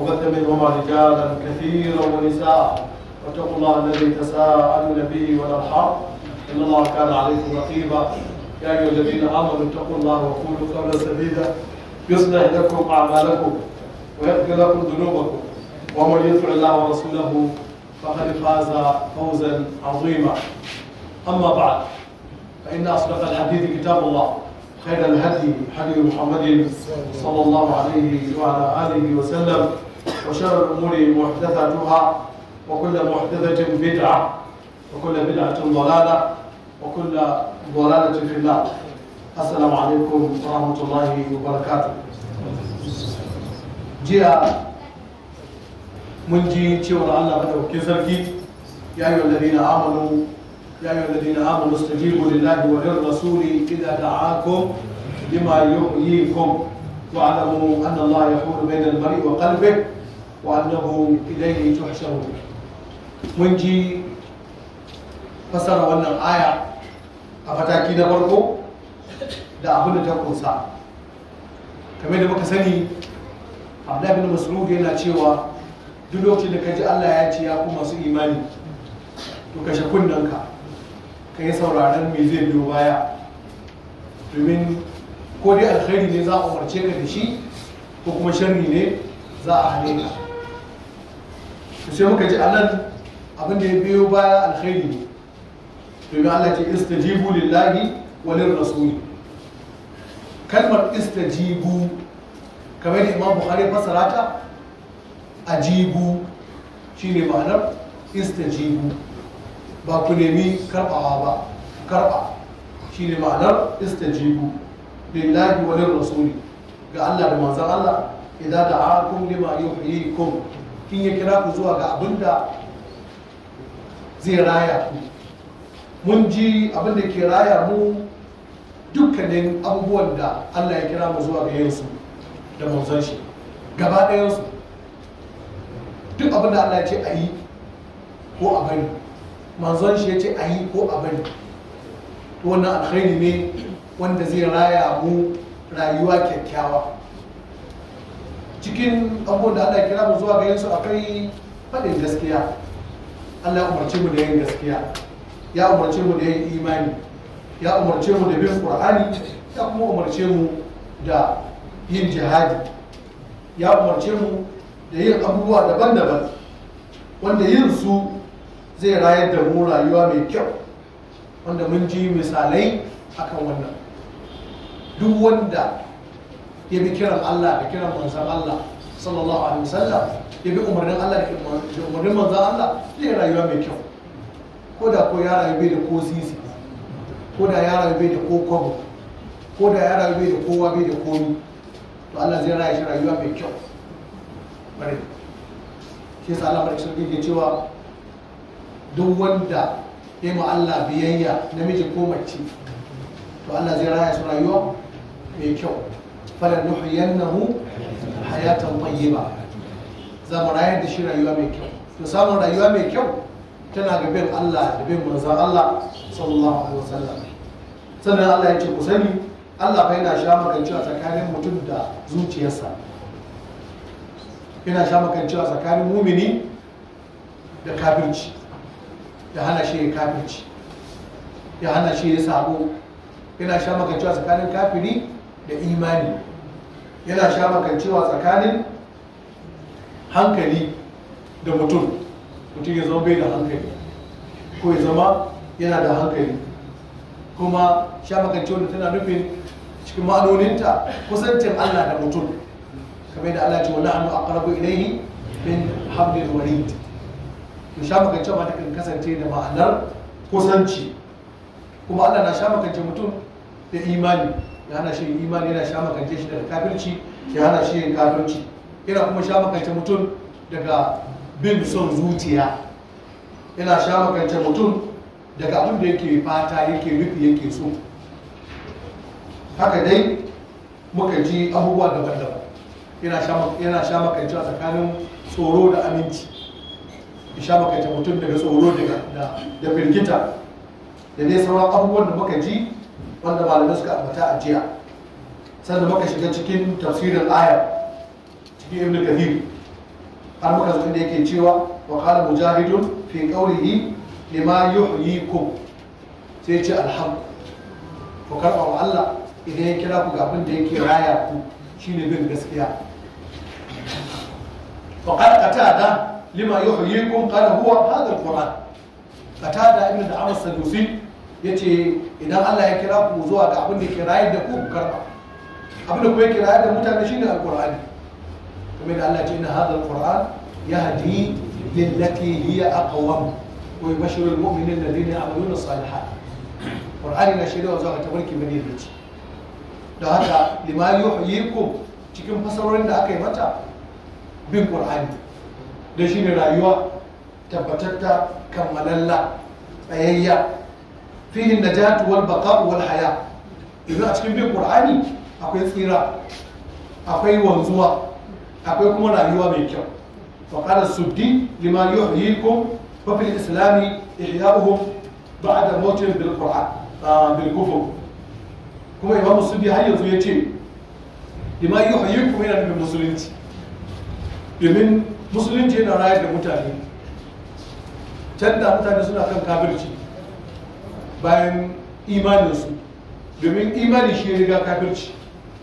وبث منهما رجالا كثيرا ونساء واتقوا الله الذي تساءلون به والارحام ان الله كان عليكم رقيبا يا ايها الذين امنوا اتقوا الله وقولوا قولا سديدا يصلح لكم اعمالكم ويغفر لكم ذنوبكم ومن يطع الله ورسوله فقد فاز فوزا عظيما اما بعد فان اصدق الحديث كتاب الله خير الهدي هدي محمد صلى الله عليه وعلى اله وسلم وشر الأمور محدثاتها وكل محدثة بدعة وكل بدعة ضلالة وكل ضلالة في الله السلام عليكم ورحمة الله وبركاته جاء من جي تشور الله مدعوكي سركي يا أيها الذين آمنوا يا أيها الذين آمنوا استجيبوا لله وللرسول إذا دعاكم لما يؤييكم واعلموا أن الله يحول بين المرء وقلبه وأنه إليه تحشرون mun ji fasara wannan aya a fataki na farko da abin da ta kunsa kamar da muka sani abdullahi bin masrud yana cewa duk lokacin da ka ji allah ya ce ya ku masu imani to kashe kunnanka ka yi sauraron me zai biyo baya domin ko dai alkhairi ne za a umarce ka da shi ko kuma sharri ne za a hane ka sai muka ji anan abin da ya biyo baya alkhairi ne ga Allah ce istajibu lillahi wa lirrasuli kalmar istajibu kamar da Imam Bukhari fasara ta ajibu shine ma'anar istajibu ba ku nemi karbawa ba karba shine ma'anar istajibu lillahi wa lirrasuli ga Allah da manzon Allah idan da'akum lima yuhyikum in ya kira ku zuwa ga abin da zai raya ku mun ji abin da ke raya mu dukkanin abubuwan da Allah ya kira mu zuwa ga yansu da mazan shi gaba ɗayansu duk abin da Allah ya ce a yi ko a bari manzon shi ya ce a yi ko a bari wannan alkhairi ne wanda zai raya mu rayuwa kyakkyawa cikin abubuwan da Allah kira mu zuwa ga yansu akwai faɗin gaskiya Allah ya umarce mu da yin gaskiya ya umarce mu da yin imani ya umarce mu da bin Qur'ani ya kuma umarce mu da yin jihadi ya umarce mu da yin abubuwa daban-daban wanda yin su zai rayar da mu rayuwa mai kyau wanda mun ji misalai akan wannan duk wanda ya bi kiran Allah da kiran manzan Allah sallallahu alaihi wasallam ya bi umarnin Allah da umarnin manzan Allah zai rayuwa mai kyau ko da ko ya rayu bai da ko sisi ko da ya rayu bai da ko kwabo ko da ya rayu bai da kowa bai da komi to Allah zai rayu shi rayuwa mai kyau bare ke sa Allah barkin sarki cewa duk wanda ya ma Allah biyayya namiji ko mace to Allah zai rayu su rayuwa mai kyau فلنحيينه حياة طيبة za mu rayar da shi rayuwa mai kyau to samun rayuwa mai kyau tana ga bin Allah da bin manzon Allah sallallahu alaihi wasallam sannan Allah ya ce ku sani Allah fa yana sha makanci a tsakanin mutum da zuciyarsa yana sha makanci a tsakanin mumini da kafirci ya hana shi ya kafirci ya hana shi ya sabo yana sha makanci a tsakanin kafiri da imani yana makancewa tsakanin hankali da mutum mutum ya zama bai da hankali ko ya zama yana da hankali kuma shamakancewa tana nufin cikin ma'anoninta kusancin allah da mutum kamar da allah ce wani hannu a ƙarfi ilaihi min hamdin warid to shamakancewa ta kan kasance da ma'anar kusanci kuma allah na shamakance mutum da imani ya hana shi imani yana sha makance shi daga kafirci ya hana shi yin kafirci yana kuma sha makance mutum daga bin son zuciya yana sha makance mutum daga abin da yake fata yake rufi yake so haka dai muka ji abubuwa daban-daban yana sha makance a tsakanin tsoro da aminci ya sha makance mutum daga tsoro da firgita da dai sauran abubuwan da muka ji wanda malamai suka ambata a jiya sannan muka shiga cikin tafsirin aya cikin ibn kathir har muka zuwa inda yake cewa wa qala mujahidun fi qawlihi lima yuhyikum sai ce alham. ku karɓa wa Allah idan ya kira ku ga abin da yake raya ku shine bin gaskiya wa qad qatada lima yuhyikum qala huwa hadha alquran qatada ibn da as-sadusi ya ce idan Allah ya kira ku zuwa ga abin da ke rayar da ku karba abin da ku kira da mutane shine alqur'ani kuma da Allah ya ce inna hadha alqur'an yahdi lillati hiya aqwam wa yubashshiru almu'minina alladhina ya'maluna salihat qur'ani na shirya zuwa ga tabarki madaidaici don haka lima yuhyikum cikin fasarorin da aka yi mata bin qur'ani da shine rayuwa tabbatatta kammalalla tsayayya fihi najatu wal baqa'u wal haya idan a cikin bin kur'ani akwai tsira akwai wanzuwa akwai kuma rayuwa mai kyau fa qala suddi lima yuhyikum ya fil a ihya'uhum ba'da mawtihim bil qur'an ah, bil kufr kuma imamu suddi har yanzu yace lima yuhyikum yana da musulunci domin yana da mutane suna kan kafirci bayan imaninsu domin imani shi riga kafirci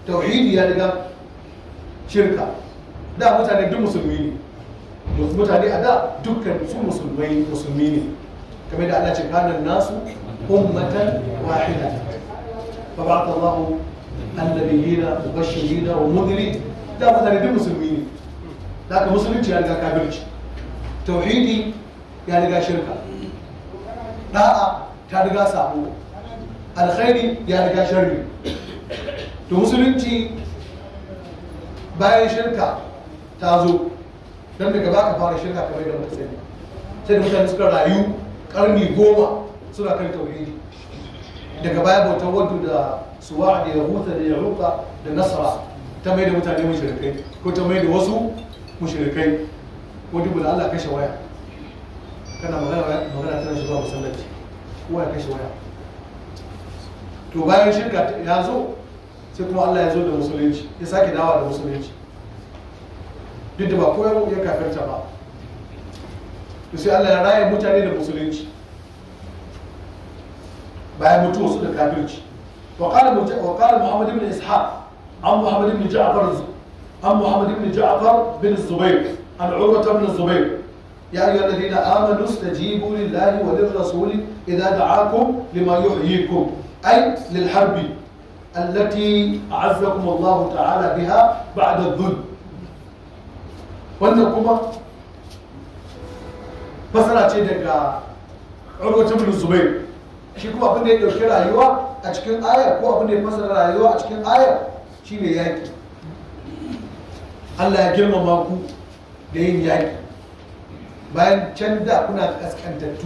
tauhidi ya riga shirka da mutane duk musulmi ne mutane a da dukkan su musulmai musulmi ne kamar da Allah ce kanan nasu ummatan wahida fa ba'atha Allahu annabiyina mubashirina wa mudhirin da mutane duk musulmi ne da ka musulunci ya riga kafirci tauhidi ya riga shirka da'a ta riga samu alkhairi ya riga sharri to musulunci bayan shirka ta zo don daga baka fara shirka kamar yadda muka sani sai da mutane suka rayu karni goma suna kan tauhidi daga baya bautar wadda da suwa da ya huta da ya ruka da nasara ta mai da mutane mushrikai ko ta mai da wasu mushrikai ko dubu Allah kashe waya kana magana magana tana shiga masallaci kowa ya kashe waya to bayan shirka ya zo sai kuma Allah ya zo da musulunci ya sake dawa da musulunci duk da ba kowa ya kafirta ba to sai Allah ya raya mutane da musulunci bayan mutu su da kafirci وقال محمد بن إسحاق عن محمد بن جعفر عن محمد بن جعفر بن الزبير عن عروة بن الزبير يا أيها الذين آمنوا استجيبوا لله وللرسول إذا دعاكم لما يحييكم أي للحرب التي أعزكم الله تعالى بها بعد الذل wannan kuma fasara ce daga urwacin bin zubair shi kuma abin da ya ɗauki rayuwa a cikin ayar ko abin da ya fasara rayuwa a cikin ayar ne yaƙi Allah ya girmama ku da yin yaƙi bayan can da kuna kaskantattu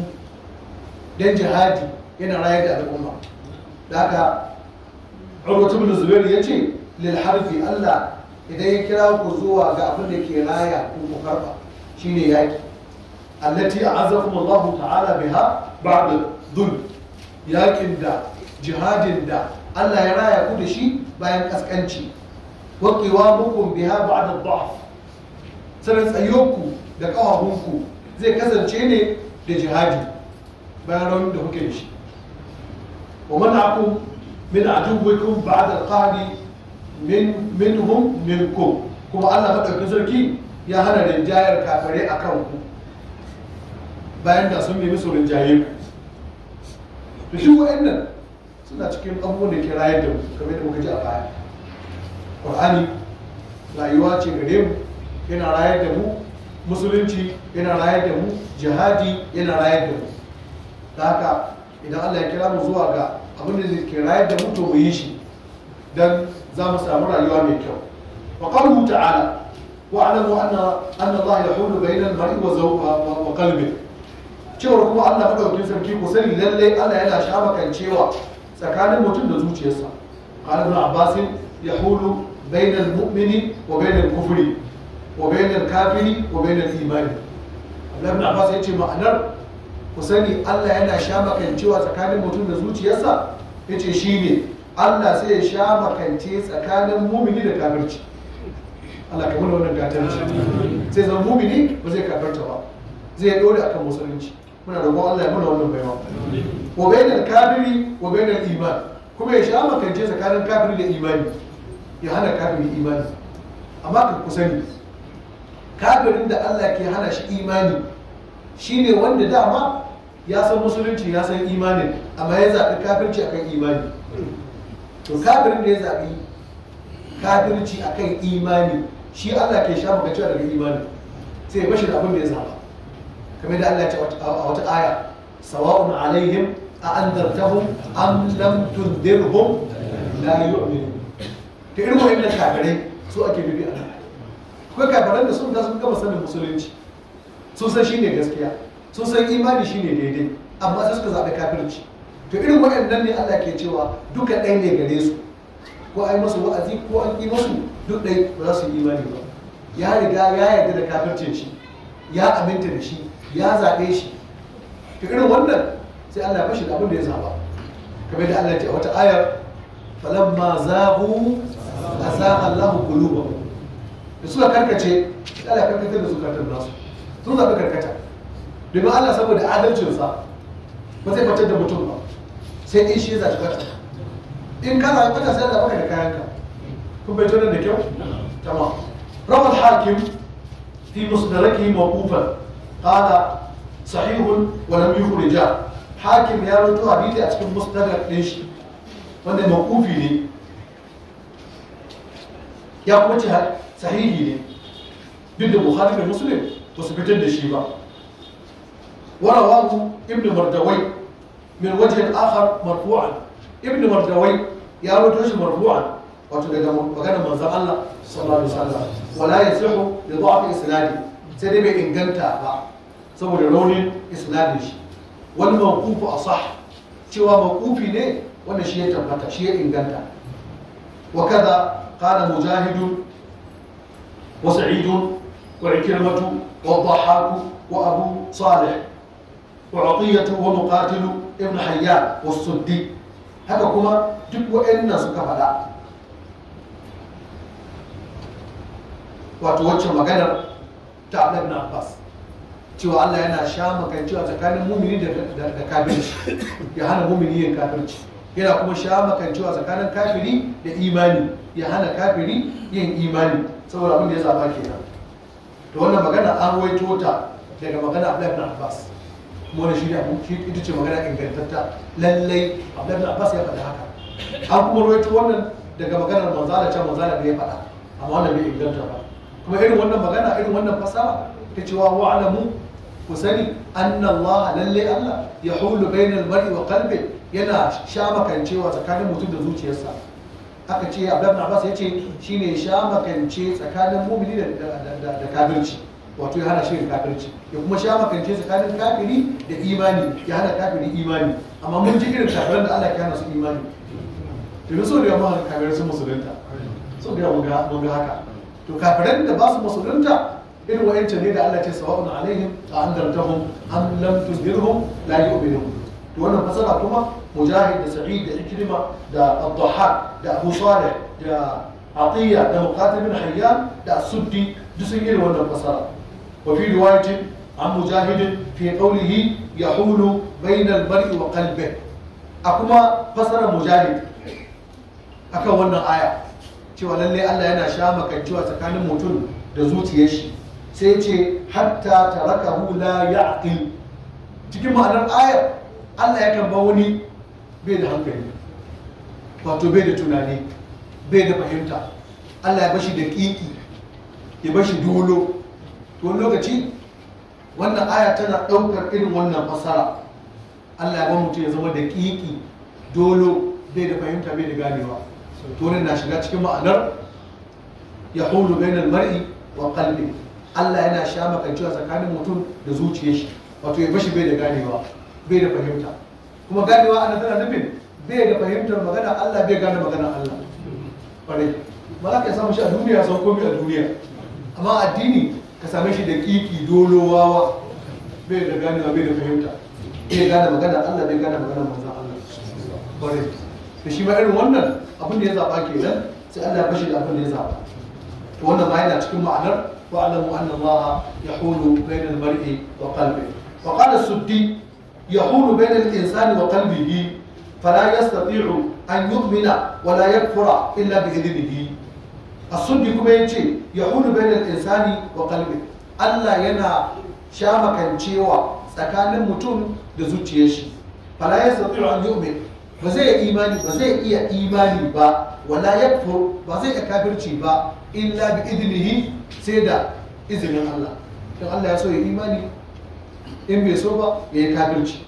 dan jihadi yana rayar da al'umma da haka urwatu ibn zubair yace lil harfi Allah idan ya kira ku zuwa ga abin da ke raya ku ku karba shine yaki allati a'azakum Allah ta'ala biha ba'da dhul yakin da jihadin da Allah ya raya ku da shi bayan kaskanci wa qiwamukum biha ba'da dha'f sanan tsayonku da ku. zai kasance ne da jihadi bayan rauni da kuke da shi wa mataku aku min aduwikum ba'da da min minhum minkum kuma Allah madaukakin sarki ya hana rinjayar kafare akan ku bayan da sun nemi su rinjaye ku to shi wa'annan suna cikin abubuwan da ke rayar da mu kamar da muka ji a baya Qur'ani rayuwa ce gare mu yana rayar da mu musulunci yana raye da mu jihadi yana rayar da mu da haka idan Allah ya kira mu zuwa ga abin da ke rayar da mu to mu yi shi dan za mu samu rayuwa mai kyau wa qawluhu ta'ala wa alamu anna anna Allah yahulu bayna al-mar'i wa zawjihi wa qalbihi cewar kuma Allah ɗauki sarki ku sani lalle Allah yana shamakancewa tsakanin mutum da zuciyarsa qala ibn abbas yahulu bayna mumini wa bayna al wa bainal kafiri wa bainal imani Allah ibn Abbas yace ma'anar ku sani Allah yana sha makancewa tsakanin mutum da zuciyarsa yace shine Allah sai ya sha makance tsakanin mumini da kafirci Allah ka mana wannan gatar sai zama mumini ba zai kafirta ba zai dore akan musulunci muna roƙon Allah ya mana wannan baiwa wa bainal kafiri wa bainal iman kuma ya sha makance tsakanin kafiri da imani ya hana kafiri imani amma ku sani kafirin da Allah ke hana shi imani shine wanda dama ya san musulunci ya san imani amma ya zaɓi kafirci akan imani to kafirin da ya zaɓi kafirci akan imani shi Allah ke shafa cewa daga imani sai bashi da abin da ya zaɓa kamar da Allah ya ce a wata aya sawa'un alaihim a anzartahum am lam tundirhum la yu'minun to irin wa'annan kafirai su ake bibi a nan akwai kafiran da sun ga sun gama sanin musulunci sun san shine gaskiya sun san imani shine daidai amma sai suka zaɓi kafirci to irin waɗannan ne Allah ke cewa duka ɗaya ne gare su ko ai masu wa'azi ko an yi masu duk ɗai ba za su yi imani ba ya riga ya yarda da kafircin shi ya aminta da shi ya zaɓe shi to irin wannan sai Allah ya bashi da abin da ya zaɓa kamar da Allah ya ce a wata ayar falamma zahu azaqa Allahu qulubahum da suka karkace da Allah karkatar da su karkatar su sun zaɓi karkata domin Allah saboda adalcinsa ba zai fatar da mutum ba sai in shi ya zaɓi fata in ka zaɓi fata sai ya zaɓi da kayanka kun bai tunan da kyau tamam rawal hakim fi musnadaki mawqufan qala sahihun wa lam yukhrija hakim ya rawaito hadisi a cikin musnadak din shi wanda mawqufi ne ya kuma ce sahihi ne duk da buhari da muslim ba su fitar da shi ba warawahu ibn mardawai min wajen akhar marfu'an ibn mardawai ya rubuta shi marfu'an wato daga maganar manzon Allah sallallahu alaihi wasallam wala yasihu li dha'fi isnadi sai dai bai inganta ba saboda raunin isnadin shi wani mawqufu asah cewa mawqufi ne wanda shi ya tabbata shi ya inganta wa kaza qala mujahidun وسعيد وعكرمة والضحاك وأبو صالح وعطية ومقاتل ابن حيان والسدي هذا كما duk waɗannan suka faɗa wato wacce maganar ta abbas cewa allah yana sha a tsakanin mumini da kafirci ya hana mumini yin kafirci yana kuma sha a tsakanin kafiri da imani ya hana kafiri yin imani saboda abin da ya zaba nan to wannan magana an waito tota daga magana Abdullahi ibn Abbas kuma wani shine abu shi ita ce magana ingantatta lallai Abdullahi ibn Abbas ya faɗi haka an kuma waito wannan daga maganar manzala can manzala da ya faɗa amma wannan bai inganta ba kuma irin wannan magana irin wannan fasaha ta cewa alamu ku sani annallaha lallai Allah ya hulu bainal mar'i wa qalbi yana shamakancewa tsakanin mutum da zuciyarsa haka ce abdullahi abbas ya ce shine sha makance tsakanin mumini da kafirci wato ya hana shi da kafirci ya kuma sha makance tsakanin kafiri da imani ya hana kafiri imani amma mun ji irin kafiran da Allah ya hana su imani domin so da yawa kafirin su sun musulunta so da yawa mun ga haka to kafiran da ba su musulunta irin wa'ancan ne da Allah ce sawa'un alaihim a an dartahum an lam tudirhum la yu'minun to wannan fasara kuma mujahid da sa'id da ikrima da abdullahi da abu salih da atiyya da muqatil da suddi duk sun yi wannan fasara wa fi riwayatin an mujahid fi ya yahulu bayna al-mar'i wa qalbihi a kuma fasara mujahid akan wannan aya cewa lalle Allah yana sha makancewa tsakanin mutum da zuciyar shi sai ce hatta tarakahu la ya'qil cikin ma'anar ayar Allah yakan ba wani bai da hankali wato bai da tunani bai da fahimta allah ya bashi da ƙiƙi ya bashi dolo to wani lokaci wannan aya tana ɗaukar irin wannan fasara allah ya ba mutum ya zama da ƙiƙi dolo bai da fahimta bai da ganewa to na shiga cikin ma'anar ya hulu bainar mar'i wa kalbi allah yana sha makancewa tsakanin mutum da zuciyar shi wato ya bashi bai da ganewa bai da fahimta kuma ganewa ana tana nufin bai da fahimtar magana Allah bai gane magana Allah kwarai ba za ka samu shi a duniya sau komi a duniya amma addini ka same shi da kiki dolo wawa bai da ganewa bai da fahimta bai gane magana Allah bai gane magana manzon Allah kwarai da shi ma irin wannan abin da ya zaba kenan sai Allah ya bashi da abin da ya zaba to wannan ma yana cikin ma'anar wa'lamu anna Allah yahulu bainal mar'i wa qalbi wa qala suddi يحول بين الإنسان وقلبه فلا يستطيع أن يؤمن ولا يكفر إلا بإذنه الصدق كما يجي يحول بين الإنسان وقلبه الله ينا شامكا تشيوا سكان متون دزوتيشي فلا يستطيع أن يؤمن فزي إيماني فزي إيا إيماني با ولا يكفر فزي أكابرتي با إلا بإذنه سيدا إذن الله إن الله يسوي إيماني in bai so ba ya yi kafirci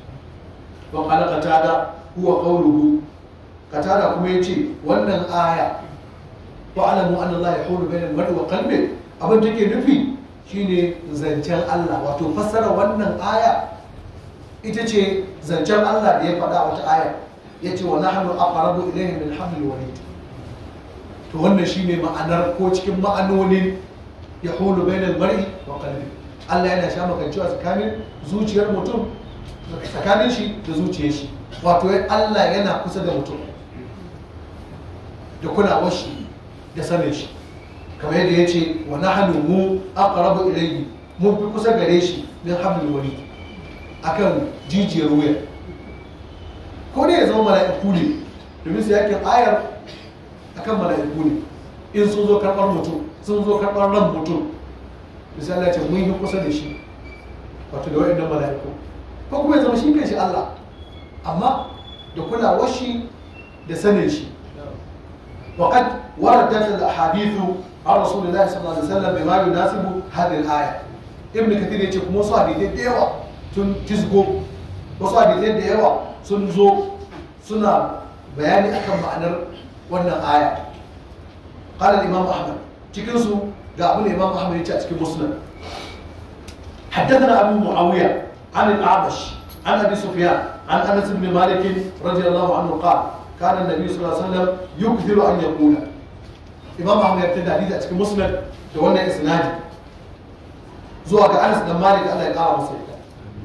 wa qala qatada huwa qawluhu qatada kuma yace wannan aya wa alamu anna allaha yahulu bainal mar'i wa qalbi abin take nufi shine zancen Allah wato fassara wannan aya ita ce zancen Allah da ya faɗa wata aya yace wa nahnu aqrabu ilayhi min hablil warid to wannan shine ma'anar ko cikin ma'anonin yahulu bainal mar'i wa qalbi Allah yana sha makancewa tsakanin zuciyar mutum tsakanin shi da zuciyar shi wato Allah yana kusa da mutum da kulawar shi da sanin shi kamar yadda ya ce wa na hannu mu aqrabu ilayhi mun fi kusa gare shi min wani a akan jijiyar wuya ko ne ya zama mala'iku ne domin su yakin ayar akan mala'iku ne in sun zo karɓar mutum sun zo karɓar ran mutum to sai ya ce mun yi kusa da shi wato da wa'annan mala'iku ko kuma ya zama shi kanshi Allah amma da kulawar shi da sanin shi وقد وردت الاحاديث عن رسول الله صلى الله عليه وسلم بما aya. هذه الايه ابن كثير yace kuma wasu hadithai da yawa tun tisgo wasu hadithai da yawa sun zo suna bayani akan ma'anar wannan aya قال Imam احمد cikin su قابل الإمام أحمد يتأتك مسلم حدثنا أبو معاوية عن الأعمش عن أبي سفيان عن أنس بن مالك رضي الله عنه قال كان النبي صلى الله عليه وسلم يكثر أن يقول إمام أحمد يبتدى حديث أتك مسلم دولنا إسناد زوج أنس بن مالك الله يقال مسلم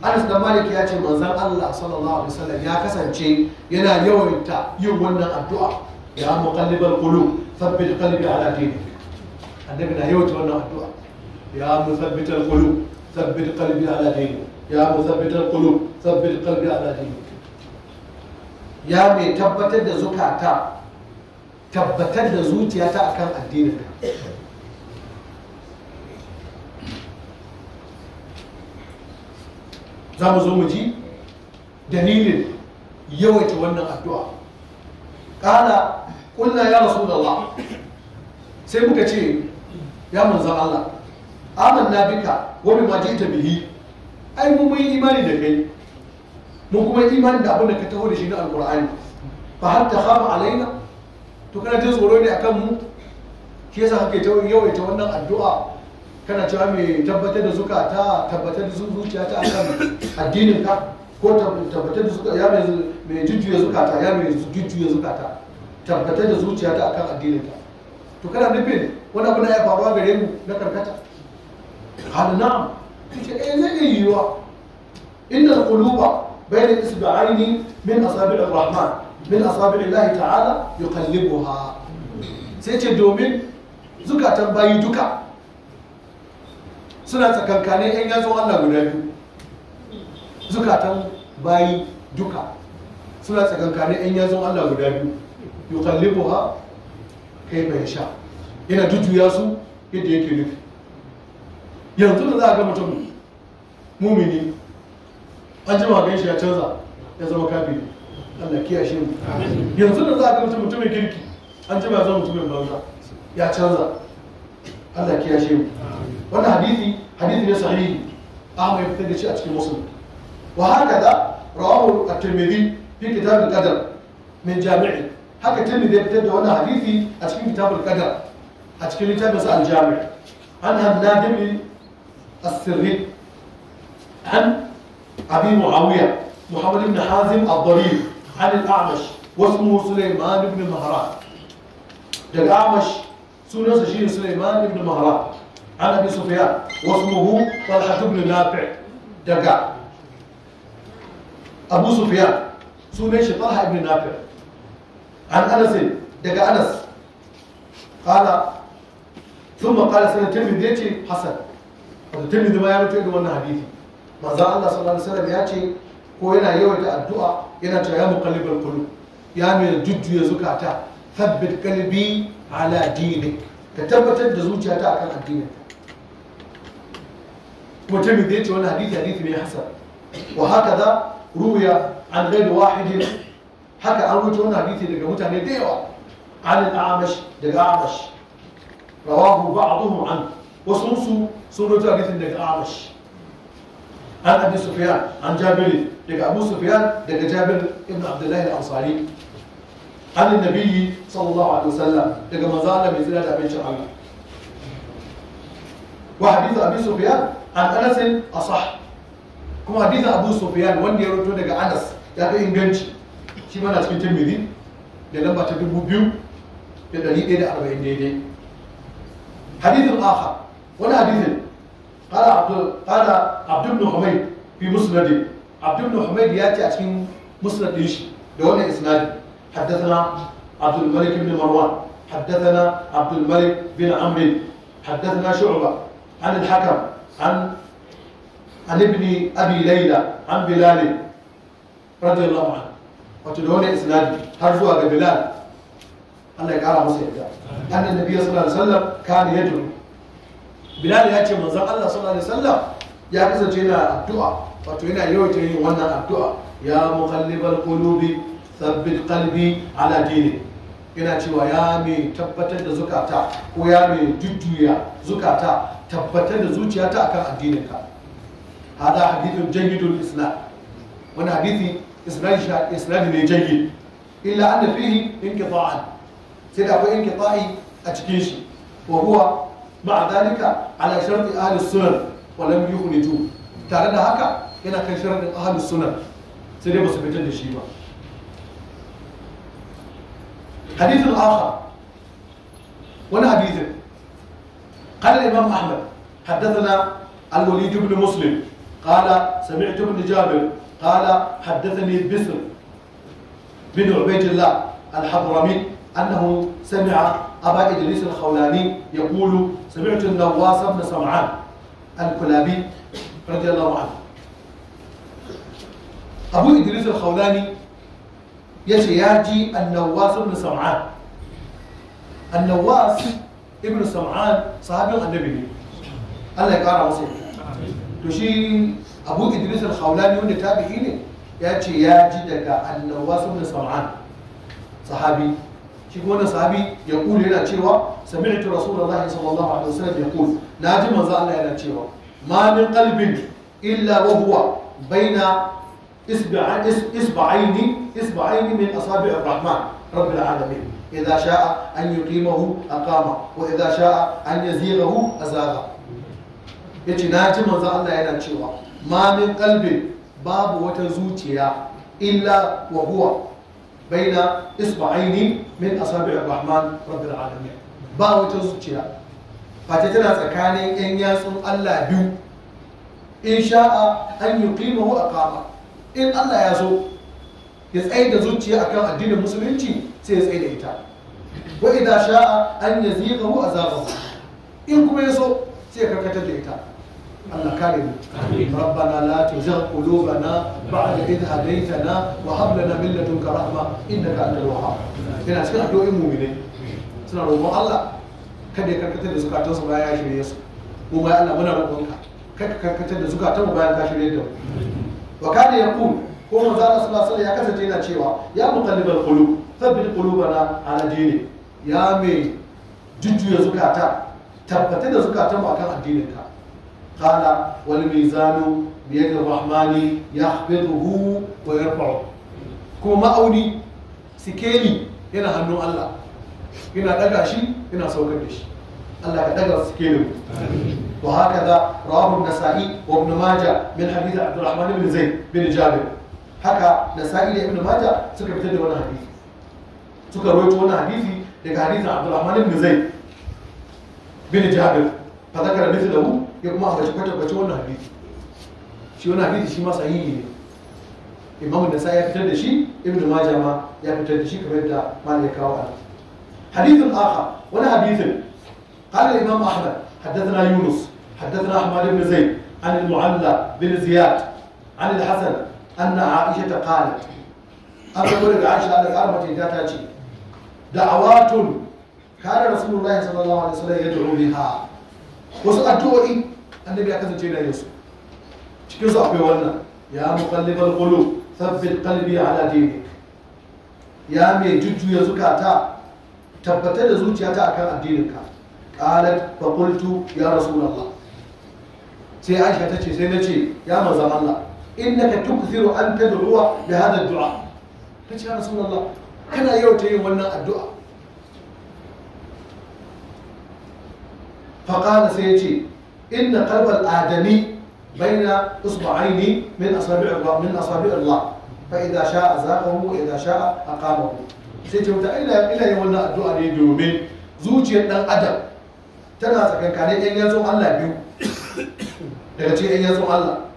أنس بن مالك يأتي منزل الله صلى الله عليه وسلم يا كسن شيء ينا يوم يبتع يوم الدعاء يا مقلب القلوب ثبت قلبي على دينك annabi na yawaita wannan addu'a ya musabbital qulub sabbit qalbi ala dini ya musabbital qulub sabbit qalbi ala dini ya mai tabbatar da zukata tabbatar da zuciyata akan addinin za mu zo mu ji dalilin yawaita wannan addu'a ƙala ƙulla ya rasu da sai muka ce ya manzo Allah amanna bika wa bima jita bihi ai mu mun imani da kai mun kuma imani da abin da ka taho da shi na alqur'ani fa hal takhafu alaina to kana jin tsoro ne akan mu shi yasa kake ta yawaita wannan addu'a kana cewa me tabbatar da zukata tabbatar da zuciya ta akan addinin ka ko tabbatar da zuciya ya mai jujjuya zukata ya mai jujjuya zukata tabbatar da zuciya ta akan addinin ka to kana nufin wani abu na ya faruwa gare mu na karkata hal na'am kace ɗaya eh, zai iya yiwuwa inda kuluba bai da isu da aini min asabir ar-rahman min asabir Allah ta'ala ya yuqallibuha sai ce domin zukatan bayi duka suna tsakankanin yan yanzu Allah guda biyu zukatan bayi duka suna tsakankanin yan yanzu Allah guda biyu kai bai sha yana jujjuya su yadda yake nufi yanzu da za a ga mutum mumini an jima gan shi ya canza ya zama kafi Allah kiya shi mu yanzu da za a ga mutum mutumin kirki an jima ya zama mutumin banza ya canza Allah kiya shi mu wannan hadisi hadisi ne sahihi Ahmad ya fitar da shi a cikin Muslim wa haka da rawahu at-Tirmidhi fi kitab al-Qadar min Jami'i haka Tirmidhi ya fitar da wannan hadisi a cikin kitab al-Qadar أتكلم تابس الجامع عن النادم السري عن أبي معاوية محمد بن حازم الضرير عن الأعمش واسمه سليمان بن مهران الأعمش سنة شيء سليمان بن مهران عن أبي سفيان واسمه طلحة بن نافع دقا أبو سفيان سنة طلحة بن نافع عن أنس دقا أنس قال ثم قال سنة ce يأتي حسن الترمذي ما يروي تقول لنا حديثي ما زال الله صلى الله عليه ya ce ko yana yawaita addu'a yana cewa ya muqallibal qulub ya mai jujjuya zukata thabbit qalbi ala dinik ka tabbatar da zuciyata akan addinin kuma ta ce wannan hadisi hadisi ne hasan wa haka za ruya an gaidu wahidin haka an wuce wannan hadisi daga mutane da yawa an amash daga amash rawahu ba'dhum an wasu su sun rawaito daga Amash an Abi Sufyan an Jabir daga Abu Sufyan daga Jabir ibn Abdullah al-Ansari an annabi sallallahu alaihi wasallam daga manzo Allah mai tsira da abincin Allah wa hadithu Abi Sufyan an Anas asah kuma hadithin Abu Sufyan wanda ya rawaito daga Anas ya ga inganci shi mana cikin Tirmidhi da lamba ta dubu biyu da ɗari ɗaya da arba'in daidai حديث آخر ولا حديث قال عبد قال عبد بن حميد في مسنده عبد بن حميد ياتي أتين مسند ديشي دون إسناد حدثنا عبد الملك بن مروان حدثنا عبد الملك بن عمرو حدثنا شعبة عن الحكم عن عن ابن أبي ليلى عن بلال رضي الله عنه وتدون إسناد هرزوا بلال Allah ya kara musu yadda annan nabi sallallahu alaihi wasallam kana yadu bilal ya ce manzon Allah sallallahu alaihi wasallam ya kasance yana addu'a wato yana yawaita yin wannan addu'a ya muqallibal qulubi thabbit qalbi ala dini yana cewa ya mai tabbatar da zukata ko ya mai jujjuya zukata tabbatar da zuciyata akan addininka hada hadithun jayyidul islam wani hadithi isnadi ne jayyid illa anna fihi inqita'an سيدا أكو انقطاعي أتكيشي وهو مع ذلك على شرط أهل السنة ولم يخرجوا تعرض هكا هنا كان شرط أهل السنة سيدا بس بجد الشيبة حديث الآخر ولا حديث قال الإمام أحمد حدثنا الوليد بن مسلم قال سمعت ابن جابر قال حدثني بسر بن عبيد الله الحضرمي أنه سمع أبا إدريس الخولاني يقول سمعت النواس بن سمعان الكلابي رضي الله عنه أبو إدريس الخولاني يجي ياجي النواس بن سمعان النواس ابن سمعان صحابي النبي الله يقارع وصيح تشي أبو إدريس الخولاني هنا تابعيني ياجي ياجي دقا النواس بن سمعان صحابي شيخ وانا يقول هنا تشيوا سمعت رسول الله صلى الله عليه وسلم يقول ناجم زالنا هنا تشيوا ما من قلب إلا وهو بين إصبع إصبعين إصبعين من أصابع الرحمن رب العالمين إذا شاء أن يقيمه أقامه وإذا شاء أن يزيغه أزاغه يتي ناجم زالنا هنا تشيوا ما من قلب باب وتزوجيا إلا وهو بين إصبعين من أصابع الرحمن رب العالمين با وتزوجيا فتتنا سكاني إن ياسم الله بيو إن شاء أن يقيمه أقامة إن الله يزو يسعيد زوجيا أكام الدين المسلمين سيسعيد إيتا وإذا شاء أن يزيغه أزاغه إن كما يسو سيكركتد إيتا الله كريم ربنا لا تزغ قلوبنا بعد إذ هديتنا وهب لنا من لدنك رحمة إنك أنت الوهاب yana cikin addu'o'in mu'mine suna roƙon Allah kada ya karkatar da zukatan su bayan ya shirye su ko bayan Allah muna roƙon ka kada ka karkatar da zukatan mu bayan ka shirye da mu wa kada ya ko manzo Allah sallallahu alaihi ya kasance yana cewa ya muqallibal qulub thabbit qulubana ala dini ya mai jujjuya zukata tabbata da zukatan mu akan addinin ka قال والميزان بيد الرحمن يخبطه ويرفعه كما أوني سكيلي هنا هنو الله هنا دقا شيء هنا سوكر شيء الله يدقى سكيلي وهكذا رواه النسائي وابن ماجه من حديث عبد الرحمن بن زيد بن جابر haka da sa'ila ibn maja suka fitar da wani hadisi suka rawaito wani hadisi daga hadisin abdurrahman ibn zaid bin jabir fa zakara mithlahu girma a kwata-kwata wannan hadisi shi wani hadisi shi ma sahihi ne imam nasa ya fitar da shi ibn majah ma ya fitar da shi kamar da malam ya kawo an hadithun akha wani hadithin قال الامام احمد حدثنا يونس حدثنا احمد بن زيد عن المعلى بن زياد عن الحسن ان عائشه قالت أبو ولد عائشة على الأربعة ذاتاتي دعوات كان رسول الله صلى الله عليه وسلم يدعو بها وسأدعو annabi ya kasance da yinsu cikin su akwai wannan ya muqallibal qulub thabbit qalbi ala dinik ya mai jujjuya zukata tabbatar da zuciyata akan addininka qalat fa qultu ya rasulullah sai aisha ta ce sai na ce ya maza Allah innaka tukziru an tad'uwa bi hadha hada dua ta ce ya rasulullah kana yau ta yi wannan addu'a fa sai ya ce inna qalbal adami baina usba'aini min asabi' Allah min asabi' Allah fa idza sha'a zaqahu wa idza sha'a aqamahu sai ce mata ila ila wannan addu'a ne domin zuciyar dan adam tana tsakankanin yan yanzu Allah biyu daga cikin yan yanzu Allah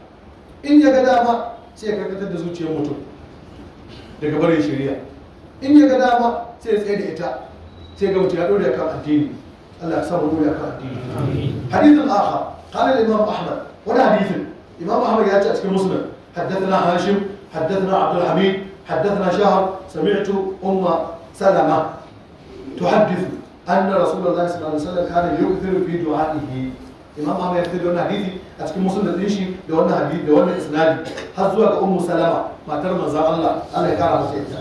in ya ga dama sai ya karkatar da zuciyar mutum daga barin shari'a in ya ga dama sai ya tsaye da ita sai ga mutum ya ɗora kan addini Allah ya sa mu ya ka hadithun akhar qala al-imam ahmad wani hadithin imam ahmad ya ce a cikin muslim haddathana hashim haddathana abdul hamid haddathana shahr sami'tu umma salama tuhaddithu anna rasulullahi sallallahu alaihi wasallam kana yukthiru fi du'a'ihi imam ahmad ya fitar da wannan hadisi a cikin musulun da shi da wannan hadisi da wannan isnadi har zuwa ga ummu salama matar manzon Allah Allah ya kara masa yadda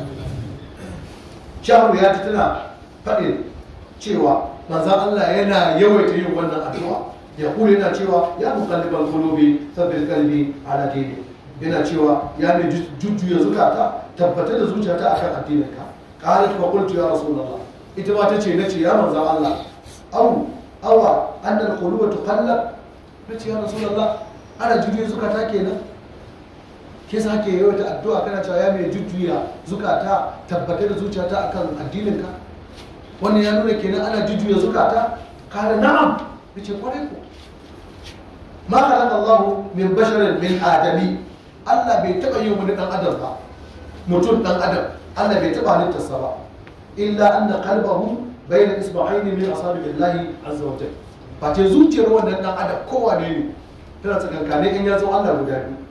shahu ya ji tana faɗin cewa manzo Allah yana yawaita yin wannan addu'a ya kula yana cewa ya muqallibal qulubi thabbit qalbi ala dini yana cewa ya mai jujjuya zukata tabbatar da zuciyata akan addininka qalat wa qultu ya rasulullah ita ma tace nace ya manzo Allah aw awa anna al quluba tuqallab nace ya rasulullah ana jujjuya zukata kenan ke sa kake yawaita addu'a kana cewa ya mai jujjuya zukata tabbatar da zuciyata akan addininka wannan ya nuna kenan ana jujjuya zukata kare na'am yace kwarai ko ma khalaqa Allah min basharin min adami Allah bai taba yi wani dan adam ba mutum dan adam Allah bai taba halittarsa ba illa anna qalbahu bayna isba'aini min asabillahi azza wa jalla Bace zuciyar wannan dan adam kowa ne ne tana tsakankanin in ya zo Allah guda biyu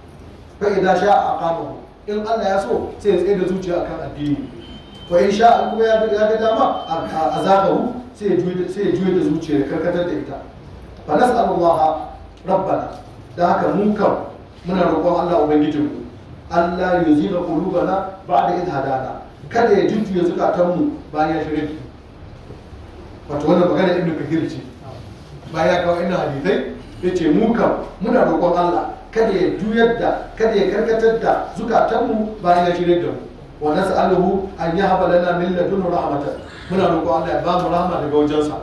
fa idan sha aqamahu in Allah ya so sai ya tsaye da zuciya akan addini to in sha kuma ya ga dama a zagaru sai ya juye da zuciyar karkatar da ita fa nas'alullaha rabbana da haka mun kam muna roƙon Allah ubangijinmu Allah ya zina qulubana ba'da idh hadana kada ya jujjuya mu bayan ya shirye wato wannan magana ibnu kathir ce bayan ya kawo inna hadithai yace mu kam muna roƙon Allah kada ya juyar da kada ya karkatar da mu bayan ya shirye da mu wa nas'aluhu an yahaba lana min ladunhu rahmatan muna roƙo Allah ya ba mu rahama daga wajensa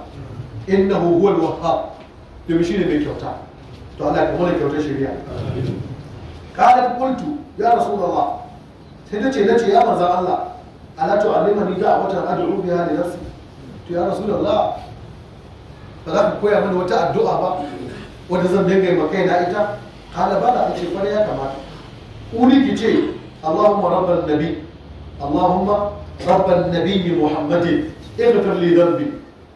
innahu huwal wahhab domin ne mai kyauta to Allah ya kuma kyautar shari'a qalat qultu ya rasulullah sai nace ce ya manzon Allah ala tu'allimani da'watan ad'u biha li nafsi to ya rasulullah ba za ka koya mana wata addu'a ba Wata zan dinga yi maka na ita qala bala ce kwarai ya kamata uli ki ce Allahumma rabbal nabi اللهم رب النبي محمد اغفر لي ذنبي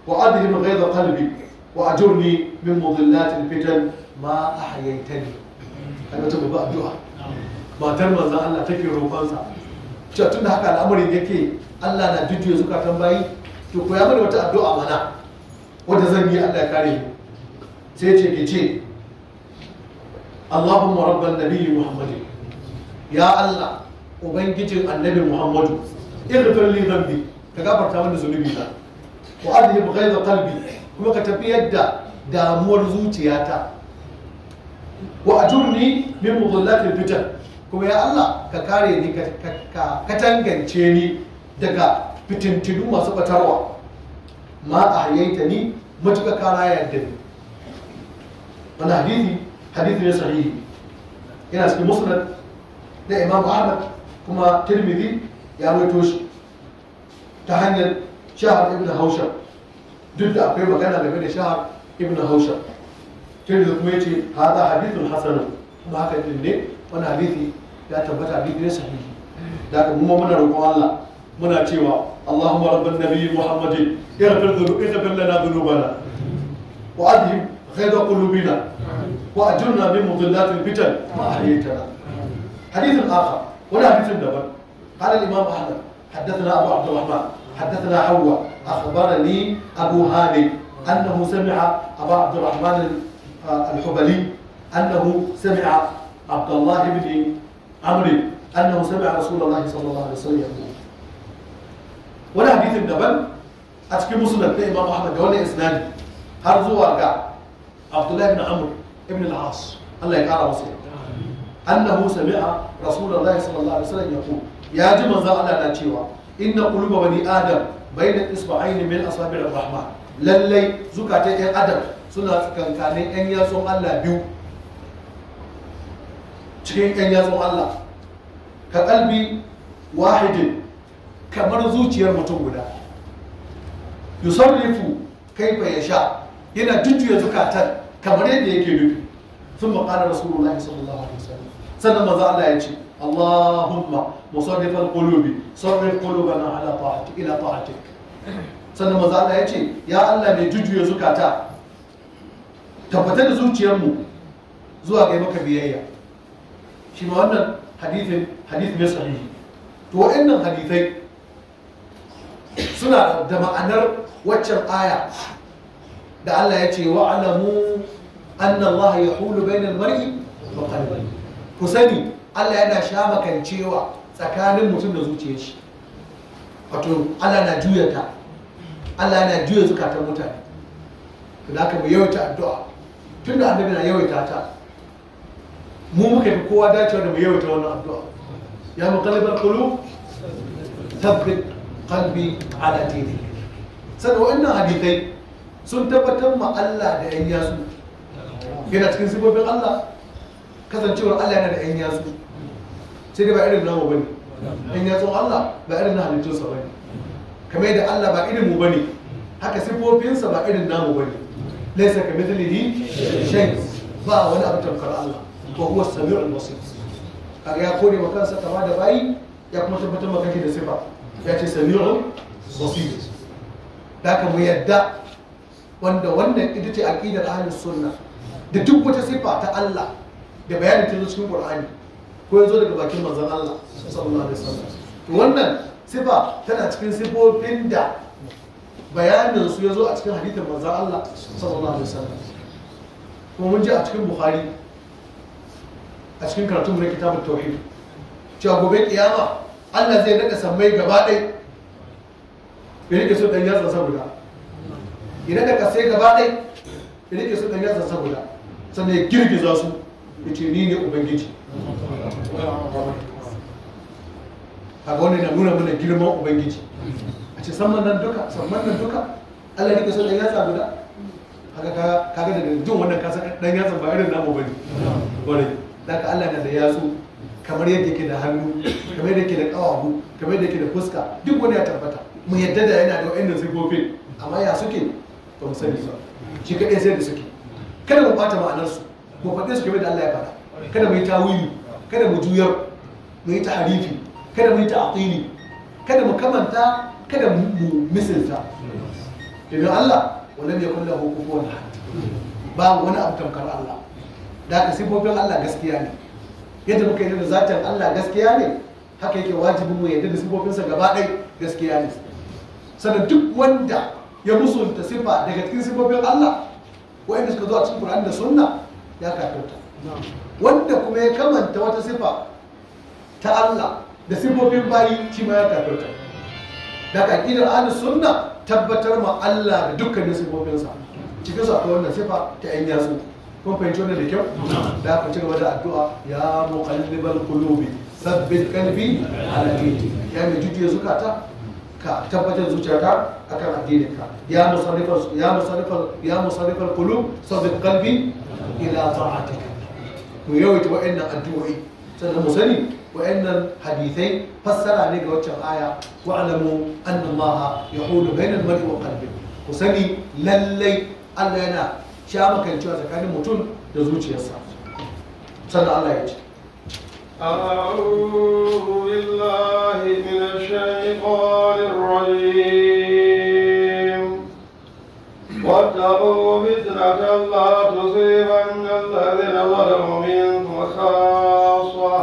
وأذهب غيظ قلبي وأجرني من مضلات الفتن ما أحييتني هذا تبقى الدعاء ما تنمى الله تكي روبانسا tun da haka al'amarin yake Allah na jujjuya zukatan bayi to koya mana wata addu'a mana wanda zan yi Allah ya kare sai ce ce rabban Muhammadin ya Allah ubangijin annabi muhammadu irfir li dhanbi ka gafarta mana zunubi na wa adhib ghaiza qalbi kuma ka tafi da damuwar zuciyata wa ajurni min mudallati fitan kuma ya Allah ka kare ni ka katangance ni daga fitintidu masu batarwa ma a ni matuka kara yadda ni wani hadithi hadithi ne sahihi yana cikin musnad da imam ahmad كما ترمذي يا ويتوش تهنن شهر ابن هوشم جد أبي مكان على من شهر ابن هوشم كل ذكمي هذا حديث حسن ما كان مني وأنا حديثي يا تبت حديث صحيح لكن مو من ركوع الله من أتيوا اللهم رب النبي محمد اغفر اغفر لنا ذنوبنا وأدهم خير قلوبنا وأجرنا من مضلات الفتن ما أحييتنا حديث آخر هنا حديث دبل قال الإمام أحمد حدثنا أبو عبد الرحمن حدثنا حواء أخبرني أبو هاني أنه سمع أبا عبد الرحمن آه، الحبلي أنه سمع عبد الله بن عمرو أنه سمع رسول الله صلى الله عليه وسلم ولا حديث دبل أتكي مسلم الإمام أحمد ولا إسناد ارجع عبد الله بن عمرو ابن العاص الله يقرأ وصيه annahu sami'a rasulullahi sallallahu alaihi wasallam yaqul ya ji manzo Allah na cewa inna quluba bani adam bayna isba'aini min asabi'ir rahman lallai zukatan yan adam suna tsakankanin yan Allah biyu cikin yan yatsun Allah ka kalbi wahidin kamar zuciyar mutum guda yusallifu kaifa yasha yana jujjuya zukatan kamar yadda yake nufi sun maƙarar rasulullahi sallallahu sannan manzo Allah ya ce Allahumma musarrif al-qulubi sarrif qulubana ala ta'atik ila ta'atik sannan manzo Allah ya ce ya Allah mai jujuya zukata tabbatar da zuciyarmu zuwa ga maka biyayya shi ma wannan hadithin hadith ne sahihi to wa'annan hadithai suna da ma'anar waccan aya da Allah ya ce wa'alamu anna Allah yahulu bainal mar'i wa qalbihi ku sani Allah yana shamakancewa tsakanin mutum da zuciyar shi wato Allah na juya ta Allah yana juya zukatan mutane to da aka mu yawaita addu'a Tun da annabi na yawaita ta mu muka fi kowa dacewa da mu yawaita wannan addu'a ya muqallibal kulu thabbit qalbi ala dini sannan wannan hadithai sun tabbatar ma Allah da yan yasu yana cikin sifofin Allah kasancewar Allah yana da ƴan yatsu sai dai ba irin namu bane ɗan yatsun Allah ba irin na ba bane kamar yadda Allah ba irin mu bane haka sifofinsa ba irin namu bane laysa ka mithlihi shay ba wani abu tamkar Allah ko huwa samiul basir kaga ya kore wa kansa kama da bayi ya kuma tabbatar maka da sifa ya ce samiul basir da ka mu yadda wanda wannan ita ce aqidar ahlus sunna da duk wata sifa ta Allah da bayanin ta cikin qur'ani ko ya zo daga bakin manzon Allah sallallahu alaihi wasallam to wannan sifa tana cikin sifofin da bayanin su ya zo a cikin hadithin manzon Allah sallallahu alaihi wasallam kuma mun ji a cikin bukhari a cikin karatun na kitabun tauhid cewa gobe kiyama Allah zai daga sammai gaba ɗai ya rike su ɗan yatsa saboda ya ka sai gaba ɗai ya rike su ɗan yatsa saboda sannan ya girgiza su ya ce ni ne ubangiji kaga wannan na nuna mana girman ubangiji a ce saman nan duka saman nan duka Allah ne ka so dan yatsa guda ka kaga da jin wannan ka san dan yatsa ba irin namu bane bare daga Allah na da yatsu kamar yadda yake da hannu kamar yadda yake da kawahu kamar yadda yake da fuska duk wani ya tabbata mu yadda da yana da wa'annan sifofin amma ya suke ba mu sani ba shi kaɗai sai da suke kada mu bata ma'anarsu mu faɗe su game da Allah ya faɗa kada mu yi tawili kada mu juyar mu yi taharifi kada mu yi ta'atili kada mu kamanta kada mu misalta idan Allah walam ne lahu kufuwan ahad ba wani abu tamkar Allah da ka sifofin Allah gaskiya ne yadda muka yi da zatin Allah gaskiya ne haka yake wajibin mu yadda da sifofinsa gaba ɗaya gaskiya ne sannan duk wanda ya musunta sifa daga cikin sifofin Allah wa'anda suka zo a cikin Qur'ani da Sunna ya kafirta wanda kuma ya kamanta wata sifa ta Allah da sifofin bayi shi ma ya kafirta da aqidar ala sunna tabbatar ma Allah da dukkanin sifofinsa cikin su akwai wannan sifa ta yan yasu kun fahimci wannan da kyau da aka ci gaba da addu'a ya muqallibal qulubi sabbit qalbi ala dinik ya mai jujjuya zukata ka tabbatar zuciyarka akan addininka ya musarrifar ya musarrifar ya sabbin qalbi ila ta'atik mu yawaita wa'annan addu'o'i sannan mu sani wa'annan hadithai fassara ne ga waccan aya wa alamu anna allaha yahulu bainal mar'i wa qalbi ku sani lallai Allah yana sha makancewa tsakanin mutum da zuciyarsa sannan Allah ya ce أعوذ بالله من الشيطان الرجيم واتقوا فتنة لا تصيبن الذين ظلموا منكم خاصة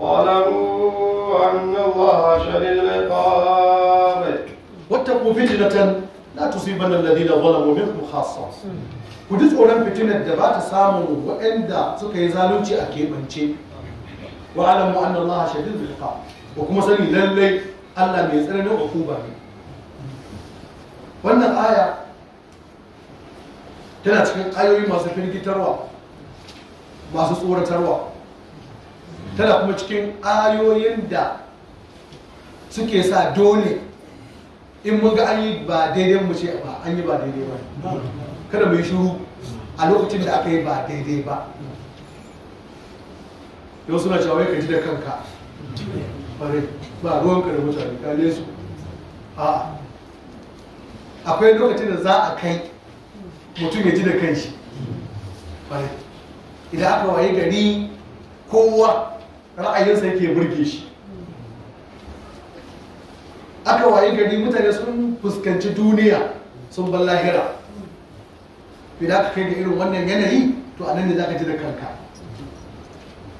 واعلموا أن الله شديد العقاب واتقوا فتنة لا تصيبن الذين ظلموا منكم خاصة ku ji tsoron fitinar da ba ta samu waɗanda suka yi zalunci a keɓance wa alamu anna Allah shadidul iqab kuma sani lallai Allah mai tsananin hukuma ne wannan aya tana cikin ayoyi masu firgitarwa masu tsoratarwa tana kuma cikin ayoyin da suke sa dole in muga ga an yi ba daidai mu ce ba an yi ba daidai ba kada mu yi shiru a lokacin da aka yi ba daidai ba yau suna wai ka ji da kanka bare ba ruwan ka da mutane kale su a akwai lokacin da za a kai mutum ya ji da kanshi bare idan aka waye gari kowa ra'ayinsa yake burge shi aka waye gari mutane sun fuskanci duniya sun ban lahira idan aka kai ga irin wannan yanayi to a nan ne za ka ji da kanka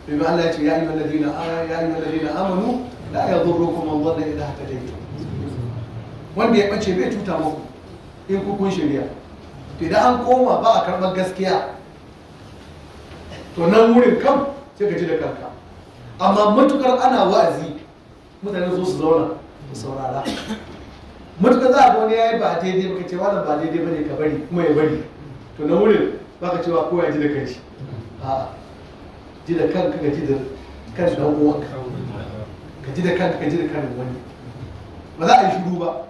بما الله يتبع يا أيها الذين يا أيها الذين آمنوا لا يضركم من ضل إذا اهتديتم wanda ya ɓace bai cuta muku in kun shirya to idan an koma ba a karɓar gaskiya to nan wurin kam sai ka ji da kanka amma matukar ana wa'azi mutane zo su zauna su saurara matukar za a ga wani yayi ba daidai ba ka ce wannan ba daidai bane ka bari kuma ya bari to nan wurin ba ka cewa ko ya ji da kanshi a'a ji da kanka ka ji da kan dan uwanka ka ji da kanka ka ji da kan wani ba za a yi shiru ba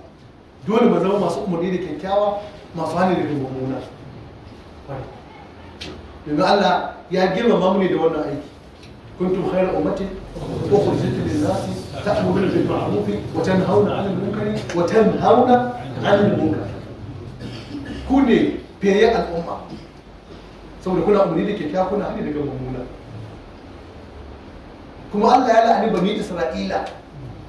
dole ba zama masu umarni da kyakkyawa masu hannu da mummuna domin Allah ya girmama mu ne da wannan aiki kuntum khayra ummatin ukhrijat lin-nas ta'muruna bil ma'ruf wa tanhauna 'anil munkar wa tanhauna 'anil munkar ku ne fiye al'umma saboda kuna umarni da kyakkyawa kuna hannu daga mummuna kuma Allah ya la'ani bani Isra'ila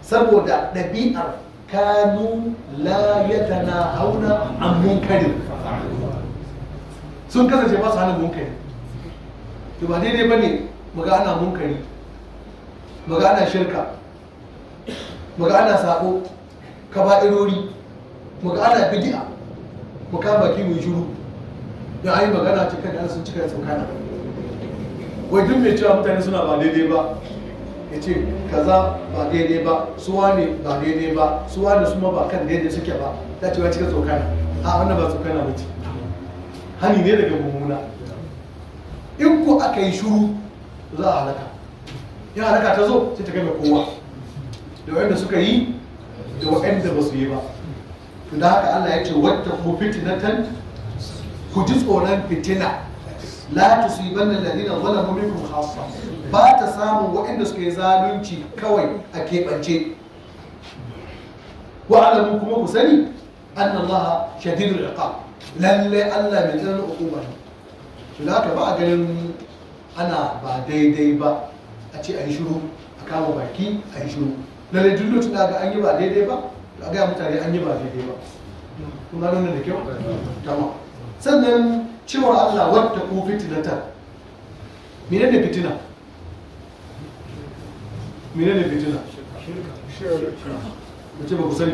saboda ɗabi'ar kanu la yatana hauna an munkari sun kasance masu hana munkari to ba daidai bane muga ana munkari muga ana shirka muga ana sako kaba'irori muga ana bid'a mu baki mu shiru da ayi magana cikin da sun cika sun kana wai duk mai cewa mutane suna ba daidai ba ya ce kaza ba daidai ba suwa ne ba daidai ba suwa da suma ba kan daidai suke ba ta ce cika tsokana a wannan ba tsokana ba ce hani ne daga mummuna in ko aka yi shuru za a halaka yin halaka ta zo sai ta kai kowa da wanda suka yi da wanda ba su yi ba to da haka Allah ya ce wata ku fitinatan ku ji tsoron fitina la tusibanna alladhina zalamu minkum khassa ba ta samun waɗanda suke zalunci kawai a keɓance alamu kuma ku sani an Allah shadidul iqab lalle Allah mai tsananin hukuma ne da haka ba a ganin ana ba daidai ba a ce a yi shiru a kama baki a yi shiru lalle duk lokacin da an yi ba daidai ba a gaya mutane an yi ba daidai ba kuma nuna da kyau tamam sannan cewa Allah wata ku fitinatan menene fitina mene ne fitina ku ce ba ku sani ba shiru sai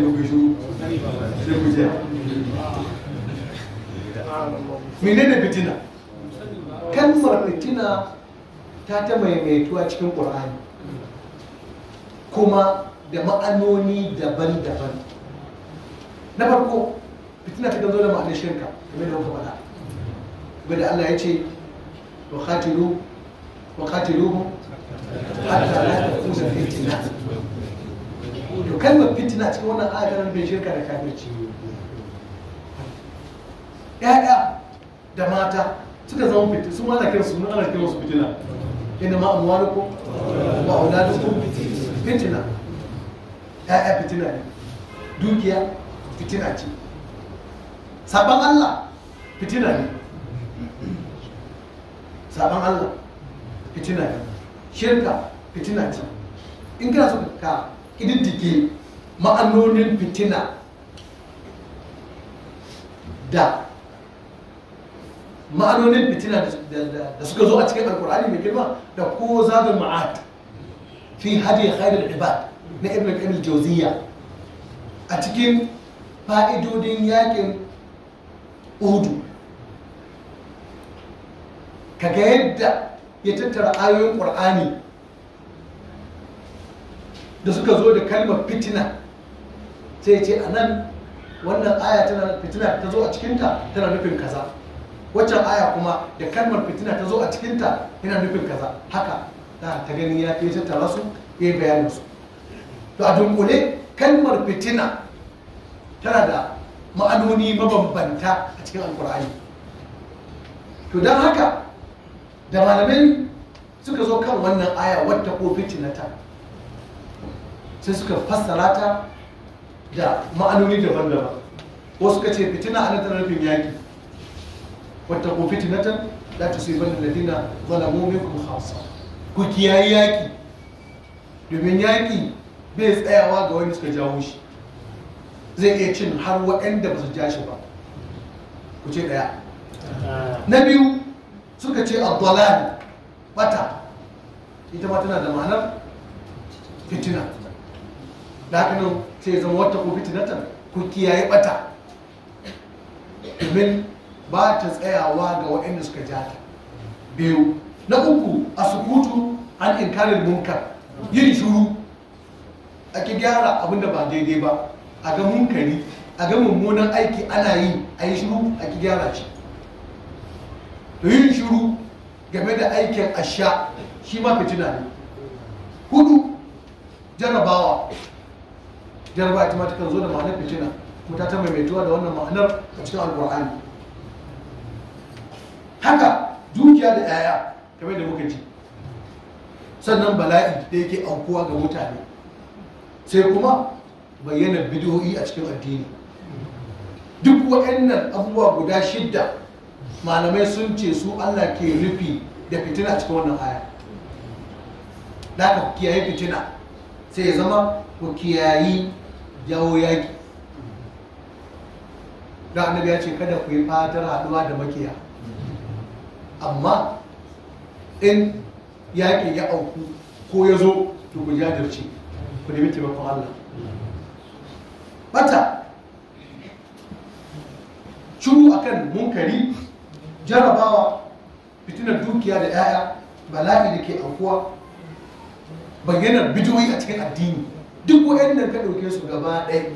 ku je mene ne fitina kalmar fitina ta ta maimaituwa cikin ƙur'ani kuma da ma'anoni daban-daban na farko fitina ta gazo da ma'anar shirka game da wata faɗa game Allah ya ce wa khatiru wa khatiru hatta la takuna fitna to kalmar fitna cikin wannan ayatar bai shirka da kafirci ya'ya da mata suka zama fitina su mana kiransu mun ana fitina inna ma amwalukum wa auladukum fitina ya'ya fitina ne dukiya fitina ce saban Allah fitina ne saban Allah fitina ne shirka fitina ce in kana so ka kididdige ma'anonin fitina da ma'anonin fitina da suka zo a cikin alkur'ani mai girma da ko zaɓin ma'ad fi hadi khairul ibad na ibn al-qayyim a cikin fa'idodin yakin udu ga yadda ya tattara ayoyin ƙur'ani da suka zo da kalmar fitina sai ce a nan wannan aya tana fitina ta zo a cikinta tana nufin kaza waccan aya kuma da kalmar fitina ta zo a cikinta yana nufin kaza haka da ta gani ya fi tattara su ya yi bayanin to a dunkule kalmar fitina tana da ma'anoni mabambanta a cikin alkur'ani to don haka da malamai suka zo kan wannan aya wadda ko fitinata sai suka fassara ta da ma'anoni daban-daban ko suka ce fitina ana ta rufin yaki wadda ko fitinata za ta sai bane ladina mome ku hausa ku kiyaye yaki domin yaki bai tsayawa ga wani suka jawo shi zai iya cin har waɗanda ba su ja shi ba ku ce ɗaya na biyu suka ce abdullahi bata ita ma tana da ma'anar fitina da haka sai zama wata ko fitinatan ku kiyaye bata domin ba ta tsayawa ga waɗanda suka ja ta biyu na uku a sukutu an inkarin munkar yin shuru a ki gyara abin da ba daidai ba a ga munkari a ga mummunan aiki ana yi a yi shuru a ki gyara shi to yin shiru game da aikin asha shi ma fitina ne hudu jarabawa jarabawa ita ma kan zo da ma'anar fitina ko ta maimaituwa da wannan ma'anar a cikin alkur'ani haka dukiya da yaya game da muka ji sannan bala'i da yake aukuwa ga mutane sai kuma bayyanar bidiyoyi a cikin addini duk waɗannan abubuwa guda shidda malamai sun ce su Allah ke rufi da fitina cikin wannan aya da ka kiyaye fitina sai ya zama ku kiyayi jawo yaki da annabi ya ce kada ku yi fatar haduwa da makiya amma in yaƙi ya auku ko ya zo to ku jajirce ku nemi taimakon Allah bata curu akan munkari jarabawa fitinar dukiya da 'ya'ya bala'i da ke aukuwa bayyanar bidiyoyi a cikin addini duk wa'annan ka ɗauke su gaba ɗaya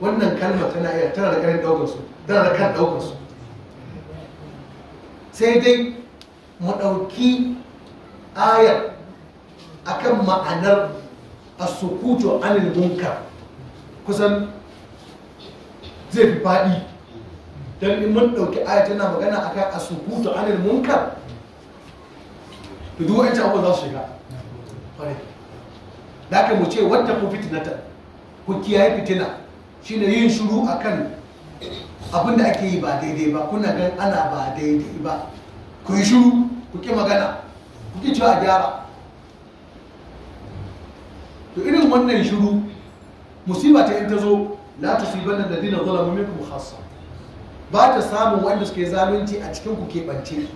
wannan kalma tana iya tana da ƙarin ɗaukar su tana da kan ɗaukar sai dai mu ɗauki ayar akan ma'anar asukutu anil munkar kusan zai fi faɗi dan in mun dauki aya tana magana akan asubutu anil munkar to duk wancan abu za su shiga kare da aka mu ce wata ku fitinata ku kiyaye fitina shine yin shiru akan abin da ake yi ba daidai ba kuna gan ana ba daidai ba ku yi shiru ku ki magana ku ki cewa gyara to irin wannan shiru musiba ta in ta zo la tusibanna alladhina zalamu minkum khassa ba ta samun wanda suke zalunci a cikin ku keɓance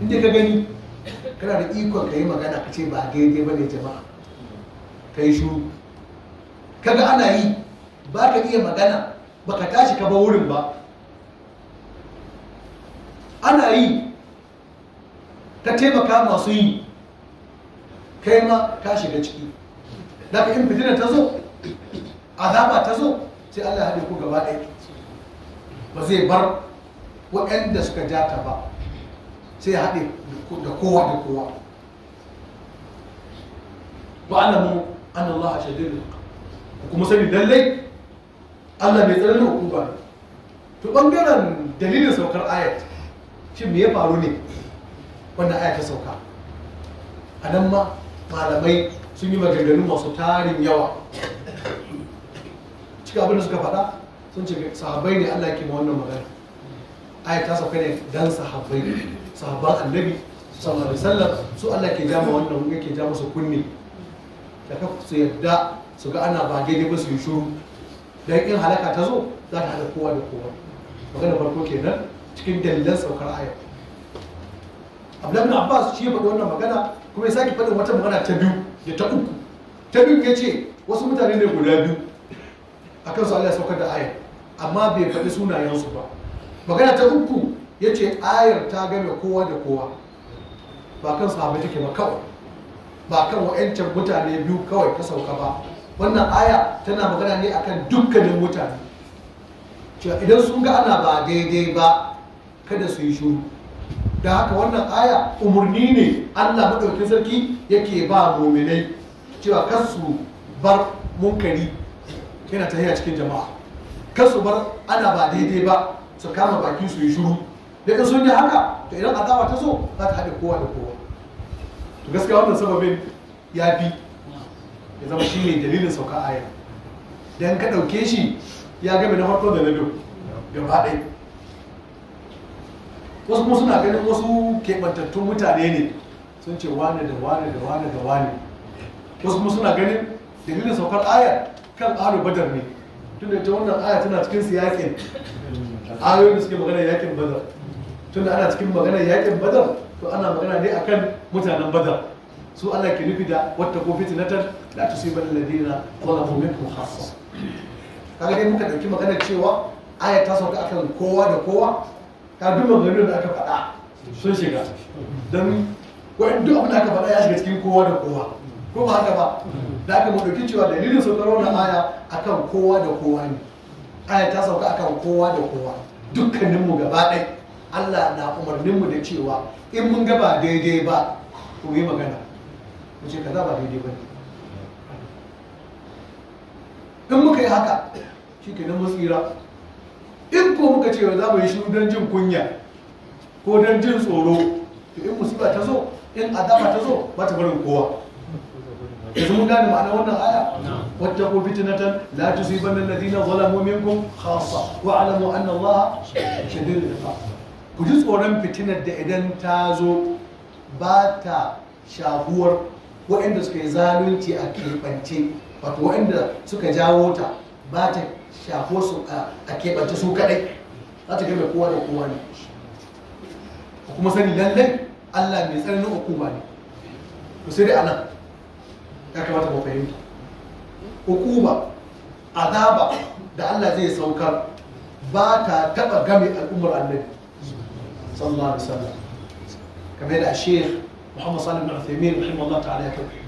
inda ka gani kana da ikon ka yi magana ka ce ba daidai ba ne jama'a ka yi shuru kaga ana yi ba ka iya magana ba ka tashi ka ba wurin ba ana yi ka taimaka masu yi kai ma ka shiga ciki daga in fitina ta zo azaba ta zo sai Allah ya haɗe ku gaba ɗaya ba zai bar waɗanda suka ja ta ba sai ya haɗe da kowa da kowa ba alamu an Allah a shaidu ku kuma sani lallai Allah mai tsananin hukuma ne to ɓangaren dalilin saukar ayat shi me ya faru ne wannan ayat ta sauka a nan ma malamai sun yi maganganu masu tarin yawa cikin abin da suka faɗa sun ce sahabbai ne Allah ke ma wannan magana ayat ta sauka ne dan sahabbai sahabban annabi sallallahu alaihi wasallam su Allah ke jama wannan yake jama su kunne da ka su yadda su ga ana ba daidai ba su yi shuru dan in halaka ta zo za ta hada kowa da kowa magana farko kenan cikin dalilan saukar ayat Abdullahi ibn Abbas shi ya faɗi wannan magana kuma ya sake faɗin wata magana ta biyu da ta uku ta biyu ya ce wasu mutane ne guda biyu akan su Allah ya saukar da ayat amma bai faɗi sunayensu ba magana ta uku ya ce ayar ta game kowa da kowa ba kan sahabai take ba kawai ba kan wayancan mutane biyu kawai ta sauka ba wannan aya tana magana ne akan dukkanin mutane cewa idan sun ga ana ba daidai ba kada su yi shuru da haka wannan aya umarni ne allah maɗaukin sarki yake ba muminai cewa kar su bar munkari yana tafiya cikin jama'a kasu bar ana ba daidai ba su kama baki su yi shiru da sun yi haka to idan adawa ta zo za ta haɗe kowa da kowa to gaskiya wannan sababin ya fi ya zama shi ne dalilin sauka aya dan ka ɗauke shi ya gami na farko da na biyu gaba ɗaya wasu kuma suna ganin wasu keɓantattun mutane ne sun ce wane da wane da wane da wane wasu kuma suna ganin dalilin saukar ayar kan ƙaro badar ne tun da ta wannan aya tana cikin su yakin ayoyin da suke magana yakin badar tun da ana cikin magana yakin badar to ana magana ne akan mutanen badar su ana ke nufi da wata ko sai la ladina alladina zalamu minkum khassa kaga dai muka dauki magana cewa aya ta sauka akan kowa da kowa ka duk maganganun da aka faɗa sun shiga don wani duk abin da aka faɗa ya shiga cikin kowa da kowa ko ba haka ba da aka mu dauki cewa dalilin saukar na aya akan kowa da kowa ne aya ta sauka akan kowa da kowa dukkanin mu gaba ɗaya Allah na umarnin mu da cewa in mun ga ba daidai ba ku yi magana ku ce kaza ba daidai ba ne in muka yi haka shi ke nan tsira in ko muka ce za mu yi shiru don jin kunya ko don jin tsoro to in musiba ta zo in azaba ta zo ba ta barin kowa yanzu mun gane ma'ana wannan aya wata ko fitinatan la tusibanna alladhina zalamu minkum khassa wa alamu anna allaha shadidul iqab ku ji tsoron fitinar da idan ta zo ba ta shahuwar waɗanda suka yi zalunci a keɓance wato waɗanda suka jawo ta ba ta shahuwar su a keɓance su kaɗai za ta gaba kowa da kowa ne kuma sani lallai Allah mai tsananin hukuma ne ku sai dai anan ya kamata mu fahimta hukuma azaba da Allah zai saukar ba ta taba game al'ummar annabi sallallahu alaihi wasallam kamar yadda Sheikh Muhammad Salim bin Uthaymeen rahimahullah ta'ala ya tabbata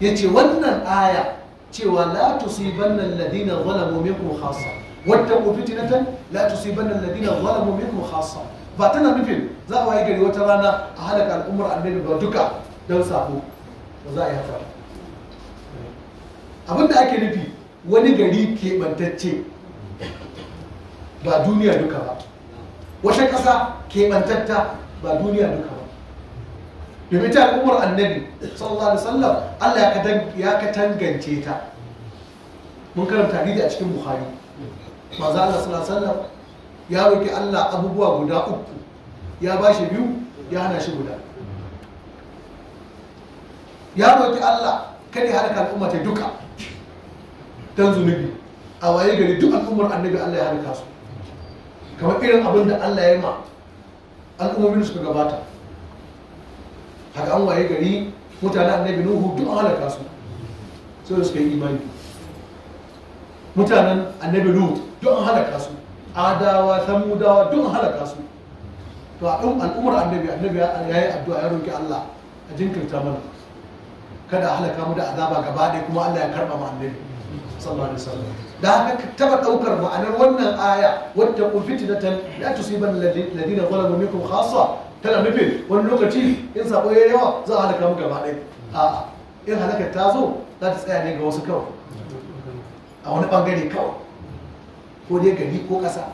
yace wannan aya cewa la tusibanna alladhina zalamu minkum khassa wattaqu fitnatan la tusibanna alladhina zalamu minkum khassa ba tana nufin za a waye gari wata rana a halaka al'ummar annabi ba duka don sabo ba za a yi haka abin da ake nufi wani gari keɓantacce ba duniya duka ba wata ƙasa keɓantatta ba duniya duka ba domin ta al'ummar annabi sallallahu alaihi wasallam Allah ya katangance ta mun karanta hadisi a cikin bukhari manzo Allah sallallahu alaihi wasallam ya roki Allah abubuwa guda uku ya bashi biyu ya hana shi guda ya roƙi Allah kada ya halaka al'umma ta duka dan zunubi a waye gari duk al'ummar annabi Allah ya halaka su kamar irin abin da Allah ya ma al'ummomin suka gabata haka an waye gari mutanen annabi nuhu duk an halaka su sai suka yi imani mutanen annabi nuhu duk an halaka su adawa samudawa duk an halaka su to a al'ummar annabi annabi ya yi addu'a ya roki Allah a jinkirta mana kada a halaka mu da azaba gaba ɗaya kuma Allah ya karɓa mu annabi sallallahu alaihi wasallam da haka ka taba ɗaukar ma'anar wannan aya wadda ku fitnatan la tusiban ladina zalamu minkum khassa tana nufin wani lokaci in sabo yayi yawa za a halaka mu gaba ɗaya a'a in halaka ta zo za ta tsaya ne ga wasu kawai a wani bangare kawai ko dai gari ko ƙasa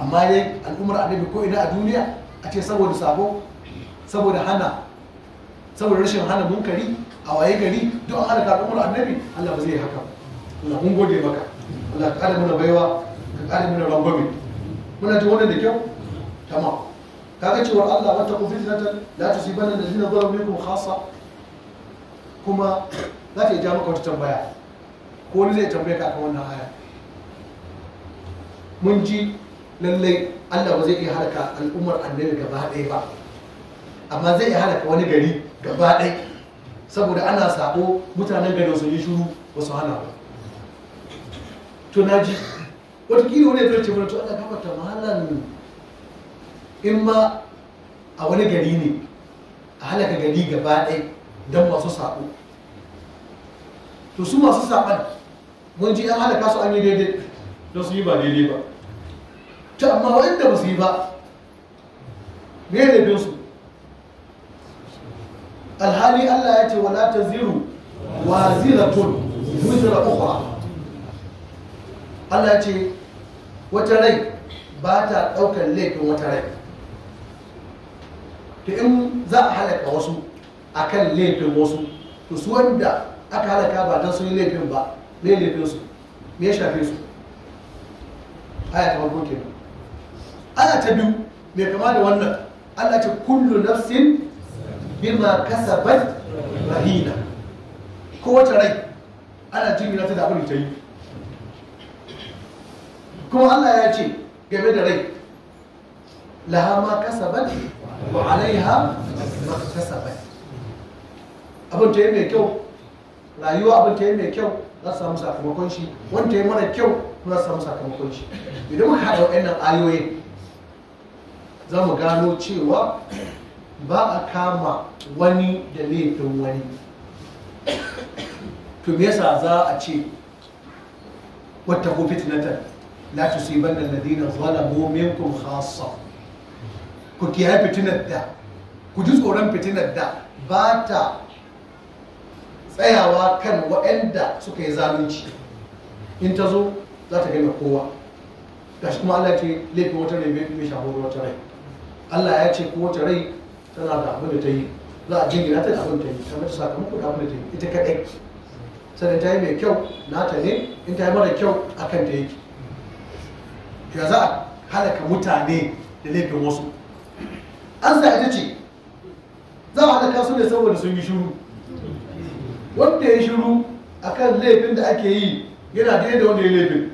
amma dai al'ummar annabi ko ina a duniya a ce saboda sabo saboda hana saboda rashin hana munkari a waye gari duk an hana kafin annabi Allah ba zai haka Allah mun gode maka Allah ka kare mana baiwa ka kare mana rangwame muna ji wannan da kyau tamam kaga cewa Allah la taqu fitnatan la tusibanna allazina zalamu minkum khassa kuma za ta ja maka wata tambaya ko wani zai tambaye ka akan wannan aya mun ji lallai Allah ba zai iya halaka al'ummar annabi gaba ɗaya ba amma zai iya halaka wani gari gaba ɗai saboda ana sabo mutanen garin sun yi shuru ba su hana ba to na ji watakila wani ya ce mana to ana gabata mu in ma a wani gari ne a halaka gari gaba ɗai don masu sabo to su masu saban mun ji an halaka su an yi daidai don su yi ba daidai ba to amma waɗanda ba su yi ba me ne su alhali Allah ya ce wala wa ziratun wizra ukhra Allah ya ce wata rai ba ta daukar laifin wata rai to in za a halaka wasu a kan laifin wasu to su wanda aka halaka ba don sun yi laifin ba laifin su me ya shafe su aya ta farko ba. ana ta biyu mai kama da wannan Allah ce kullu nafsin bima kasabat rahina ko wace rai ana na ta da abin ta yi kuma Allah ya ce game da rai laha ma kasabat wa alaiha ma kasabat abin ta yi mai kyau rayuwa abin ta yi mai kyau za su samu sakamakon shi wanda yi mara kyau za su samu sakamakon shi idan mun haɗa wa'annan ayoyin za mu gano cewa ba a kama wani da laifin wani to me yasa za a ce wata ko fitnatan la tusibanna alladhina zalamu minkum khassa ku kiyaye fitinar da ku ji tsoron fitinar da ba ta tsayawa kan waɗanda suka yi zalunci in ta zo za ta gama kowa shi kuma Allah ya ce laifin wata rai mai shahoro wata rai Allah ya ce ko wata rai tana da abin da ta yi za a jingina ta da abin da ta yi ta mata sakamako da abin da ta yi ita kaɗai sannan ta yi mai kyau nata ne in ta yi mara kyau akan ta yi ya za a halaka mutane da laifin wasu an sa ita ce za a halaka su ne saboda sun yi shiru wanda ya shiru akan laifin da ake yi yana daidai da wanda ya laifin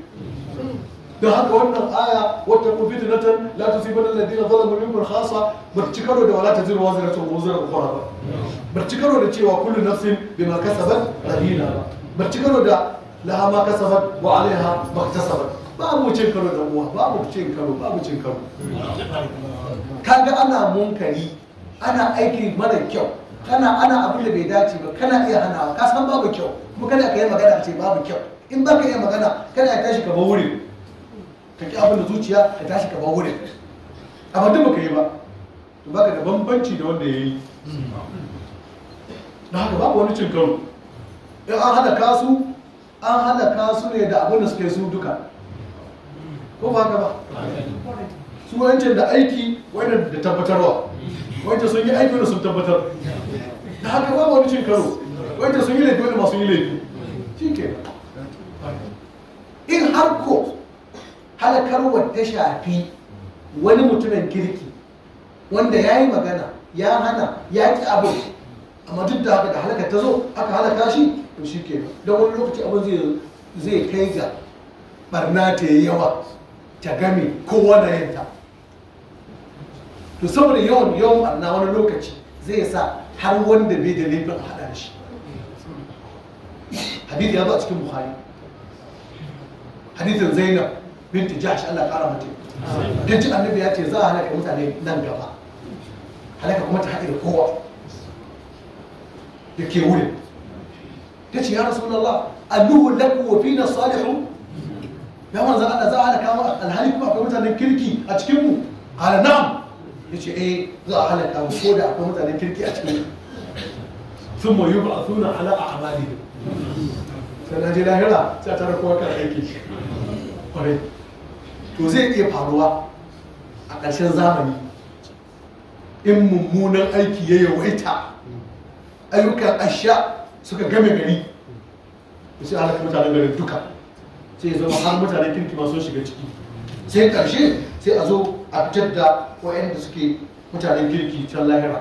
don haka wannan aya wata ku fitnatan la na alladhina zalamu minkum khassa ba ci karo da wala taziru wazratu wazra ukhra ba ba ci karo da cewa kullu nafsin bima kasabat rahina ba ba ci karo da laha ma kasabat wa alaiha ba mu cin karo da uwa mu cin karo mu cin karo kaga ana munkari ana aiki mara kyau kana ana abin da bai dace ba kana iya hanawa ka san babu kyau kuma kana ka yi magana ce babu kyau in baka iya magana kana ya tashi ka ba wuri ka ki abin da zuciya ta tashi ka ba wurin amma duk baka yi ba to baka da bambanci da wanda ya yi da haka babu wani cin karo in an halaka su an halaka su ne da abin da suke su duka ko ba haka ba su wancan da aiki wani da tabbatarwa wancan sun yi aiki da sun tabbatar da haka babu wani cin karo wancan sun yi laifi wani masu yi laifi shi ke in har ko halakarwar ta shafi wani mutumin kirki wanda ya yi magana ya hana ya ki abin amma duk da haka da halakar ta zo aka halaka shi to shi ke da wani lokaci abin zai kai ga barna ta yi yawa ta game kowa da yanta to saboda yawan yawan barna wani lokaci zai sa har wanda bai da laifin a haɗa shi hadith ya zo a cikin buhari hadithin zainab binti shi Allah ƙara mata don ji annabi ya ce za a halaka mutane nan gaba halaka kuma ta haɗe da kowa da ke wurin ta ce ya rasulallah alluhu laku wa fina salihun ya manzan Allah za a halaka mu alhali kuma akwai mutanen kirki a cikin mu qala na'am yace eh za a halaka mu ko da akwai mutanen kirki a cikin mu thumma yub'athuna ala a'malihim sai na ji lahira sai ta rakuwa kan aiki kwarai to zai iya faruwa a ƙarshen zamani in mummunan aiki ya yawaita ayyukan asha suka game gari da sai halaka mutanen garin duka sai zama har mutane kirki masu shiga ciki sai ƙarshe sai a zo a fitar da da suke mutanen kirki can lahira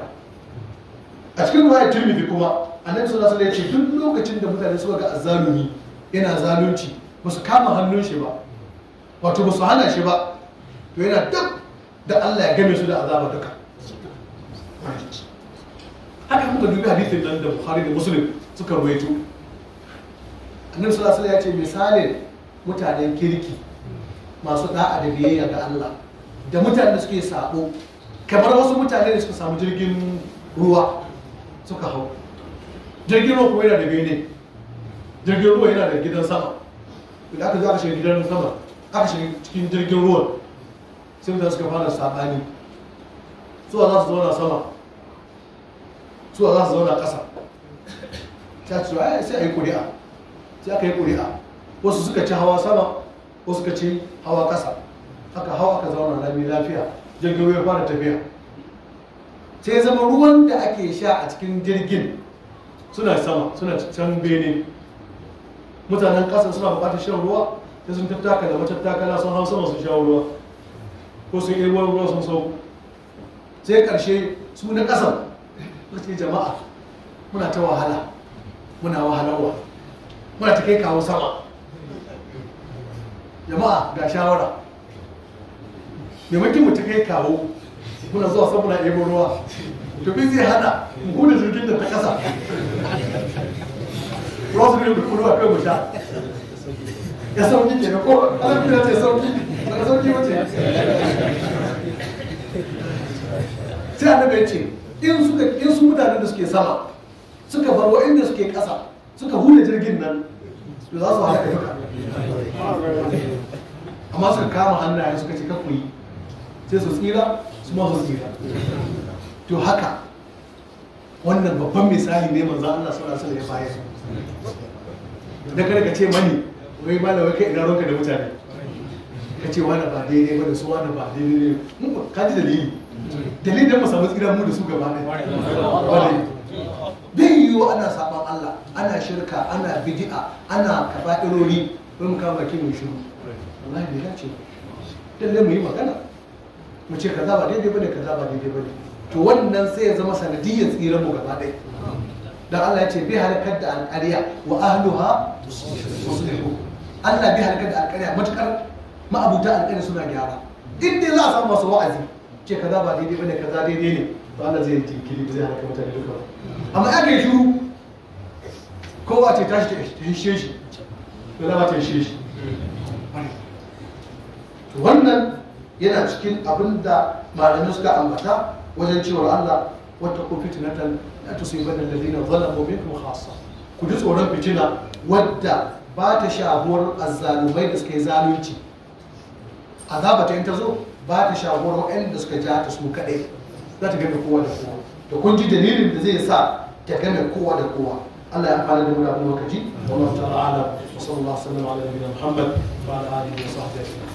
a cikin ruwa turmi kuma annabi sallallahu alaihi wasallam ya ce duk lokacin da mutane suka ga azzalumi yana zalunci ba su kama hannun shi ba wato ba su hana shi ba to yana duk da Allah ya game su da azaba duka haka muka dubi hadithin nan da Bukhari da Muslim suka ruwaito annabi sallallahu alaihi ya ce misalin mutanen kirki masu da'a da biyayya ga Allah da mutanen da suke sabo kamar wasu mutane da suka samu jirgin ruwa suka hau jirgin ruwa kuma yana da bene jirgin ruwa yana da gidan sama idan aka zo aka shiga gidan sama aka shiga cikin jirgin ruwan sai mutane suka fara saɓani suwa za su zauna sama suwa za su zauna ƙasa ta ce ai sai a yi ƙuri'a sai aka yi ƙuri'a wasu suka ci hawa sama wasu suka ci hawa ƙasa Haka hawa aka zauna lami lafiya jirgin ruwa ya fara tafiya sai zama ruwan da ake sha a cikin jirgin suna sama suna can bene mutanen ƙasa suna buƙatar shan ruwa sai sun tattakala matattakala sun hau sama sun sha ruwa ko sun yi ruwa ruwa sun sau sai karshe su na ƙasan suke jama'a muna ta wahala muna wahalarwa muna ta kai kawo sama jama'a ga shawara maimakon mu ta kai kawo muna zuwa sama muna ɗebo ruwa to bin zai hada mu huda jirgin da ta ƙasa ruwa su ne kuma ruwa kai mu sha da sauki da sauki wuce sai annabi ya ce in su mutanen da suke sama suka bar wa'inda suke ƙasa suka hula jirgin nan to za haɗa duka amma suka kama hannaye suka ce kakku yi sai su tsira su ma su tsira to haka wannan babban misali ne manzo Allah sallallahu alaihi wasallam ya baya da kada ka ce mani wai ba da wai kai ina da mutane ka ce wani ba daidai ba da su wani ba daidai ne mun ba ka ji dalili dalilin da mu samu tsira mu da su gaba ɗaya bai yiwu ana saban Allah ana shirka ana bidi'a ana kaba'irori wai mu kama baki mu shiru wallahi bai dace ba lalle mu yi magana mu ce kaza ba daidai bane kaza ba daidai bane to wannan sai ya zama sanadiyyar tsira mu gaba ɗaya dan Allah ya ce bai halakar da alƙarya wa ahluha muslimun Allah bi halakar da alƙarya matukar ma'abuta alƙarya suna gyara duk dai za a samu masu wa'azi ce kaza ba daidai bane kaza daidai ne to Allah zai jinkiri ba zai halaka mutane duka ba amma aka yi shiru kowa ce tashi ta hishe shi to zama ta hishe shi to wannan yana cikin abin da malamin suka ambata wajen cewar Allah wata ko fitinatan la tusibanna alladhina zalamu kuma hasa ku ji tsoron fitina wadda ba ta shahuwar azzalumai da suka yi zalunci azaba ta in ta zo ba ta shahuwar da suka ja ta su kaɗai za ta gane kowa da kowa da kun ji dalilin da zai sa ta gane kowa da kowa Allah ya fara da mu da wa wallahu ta'ala wa sallallahu alaihi wa sallam ala nabiyina Muhammad wa ala alihi wa sahbihi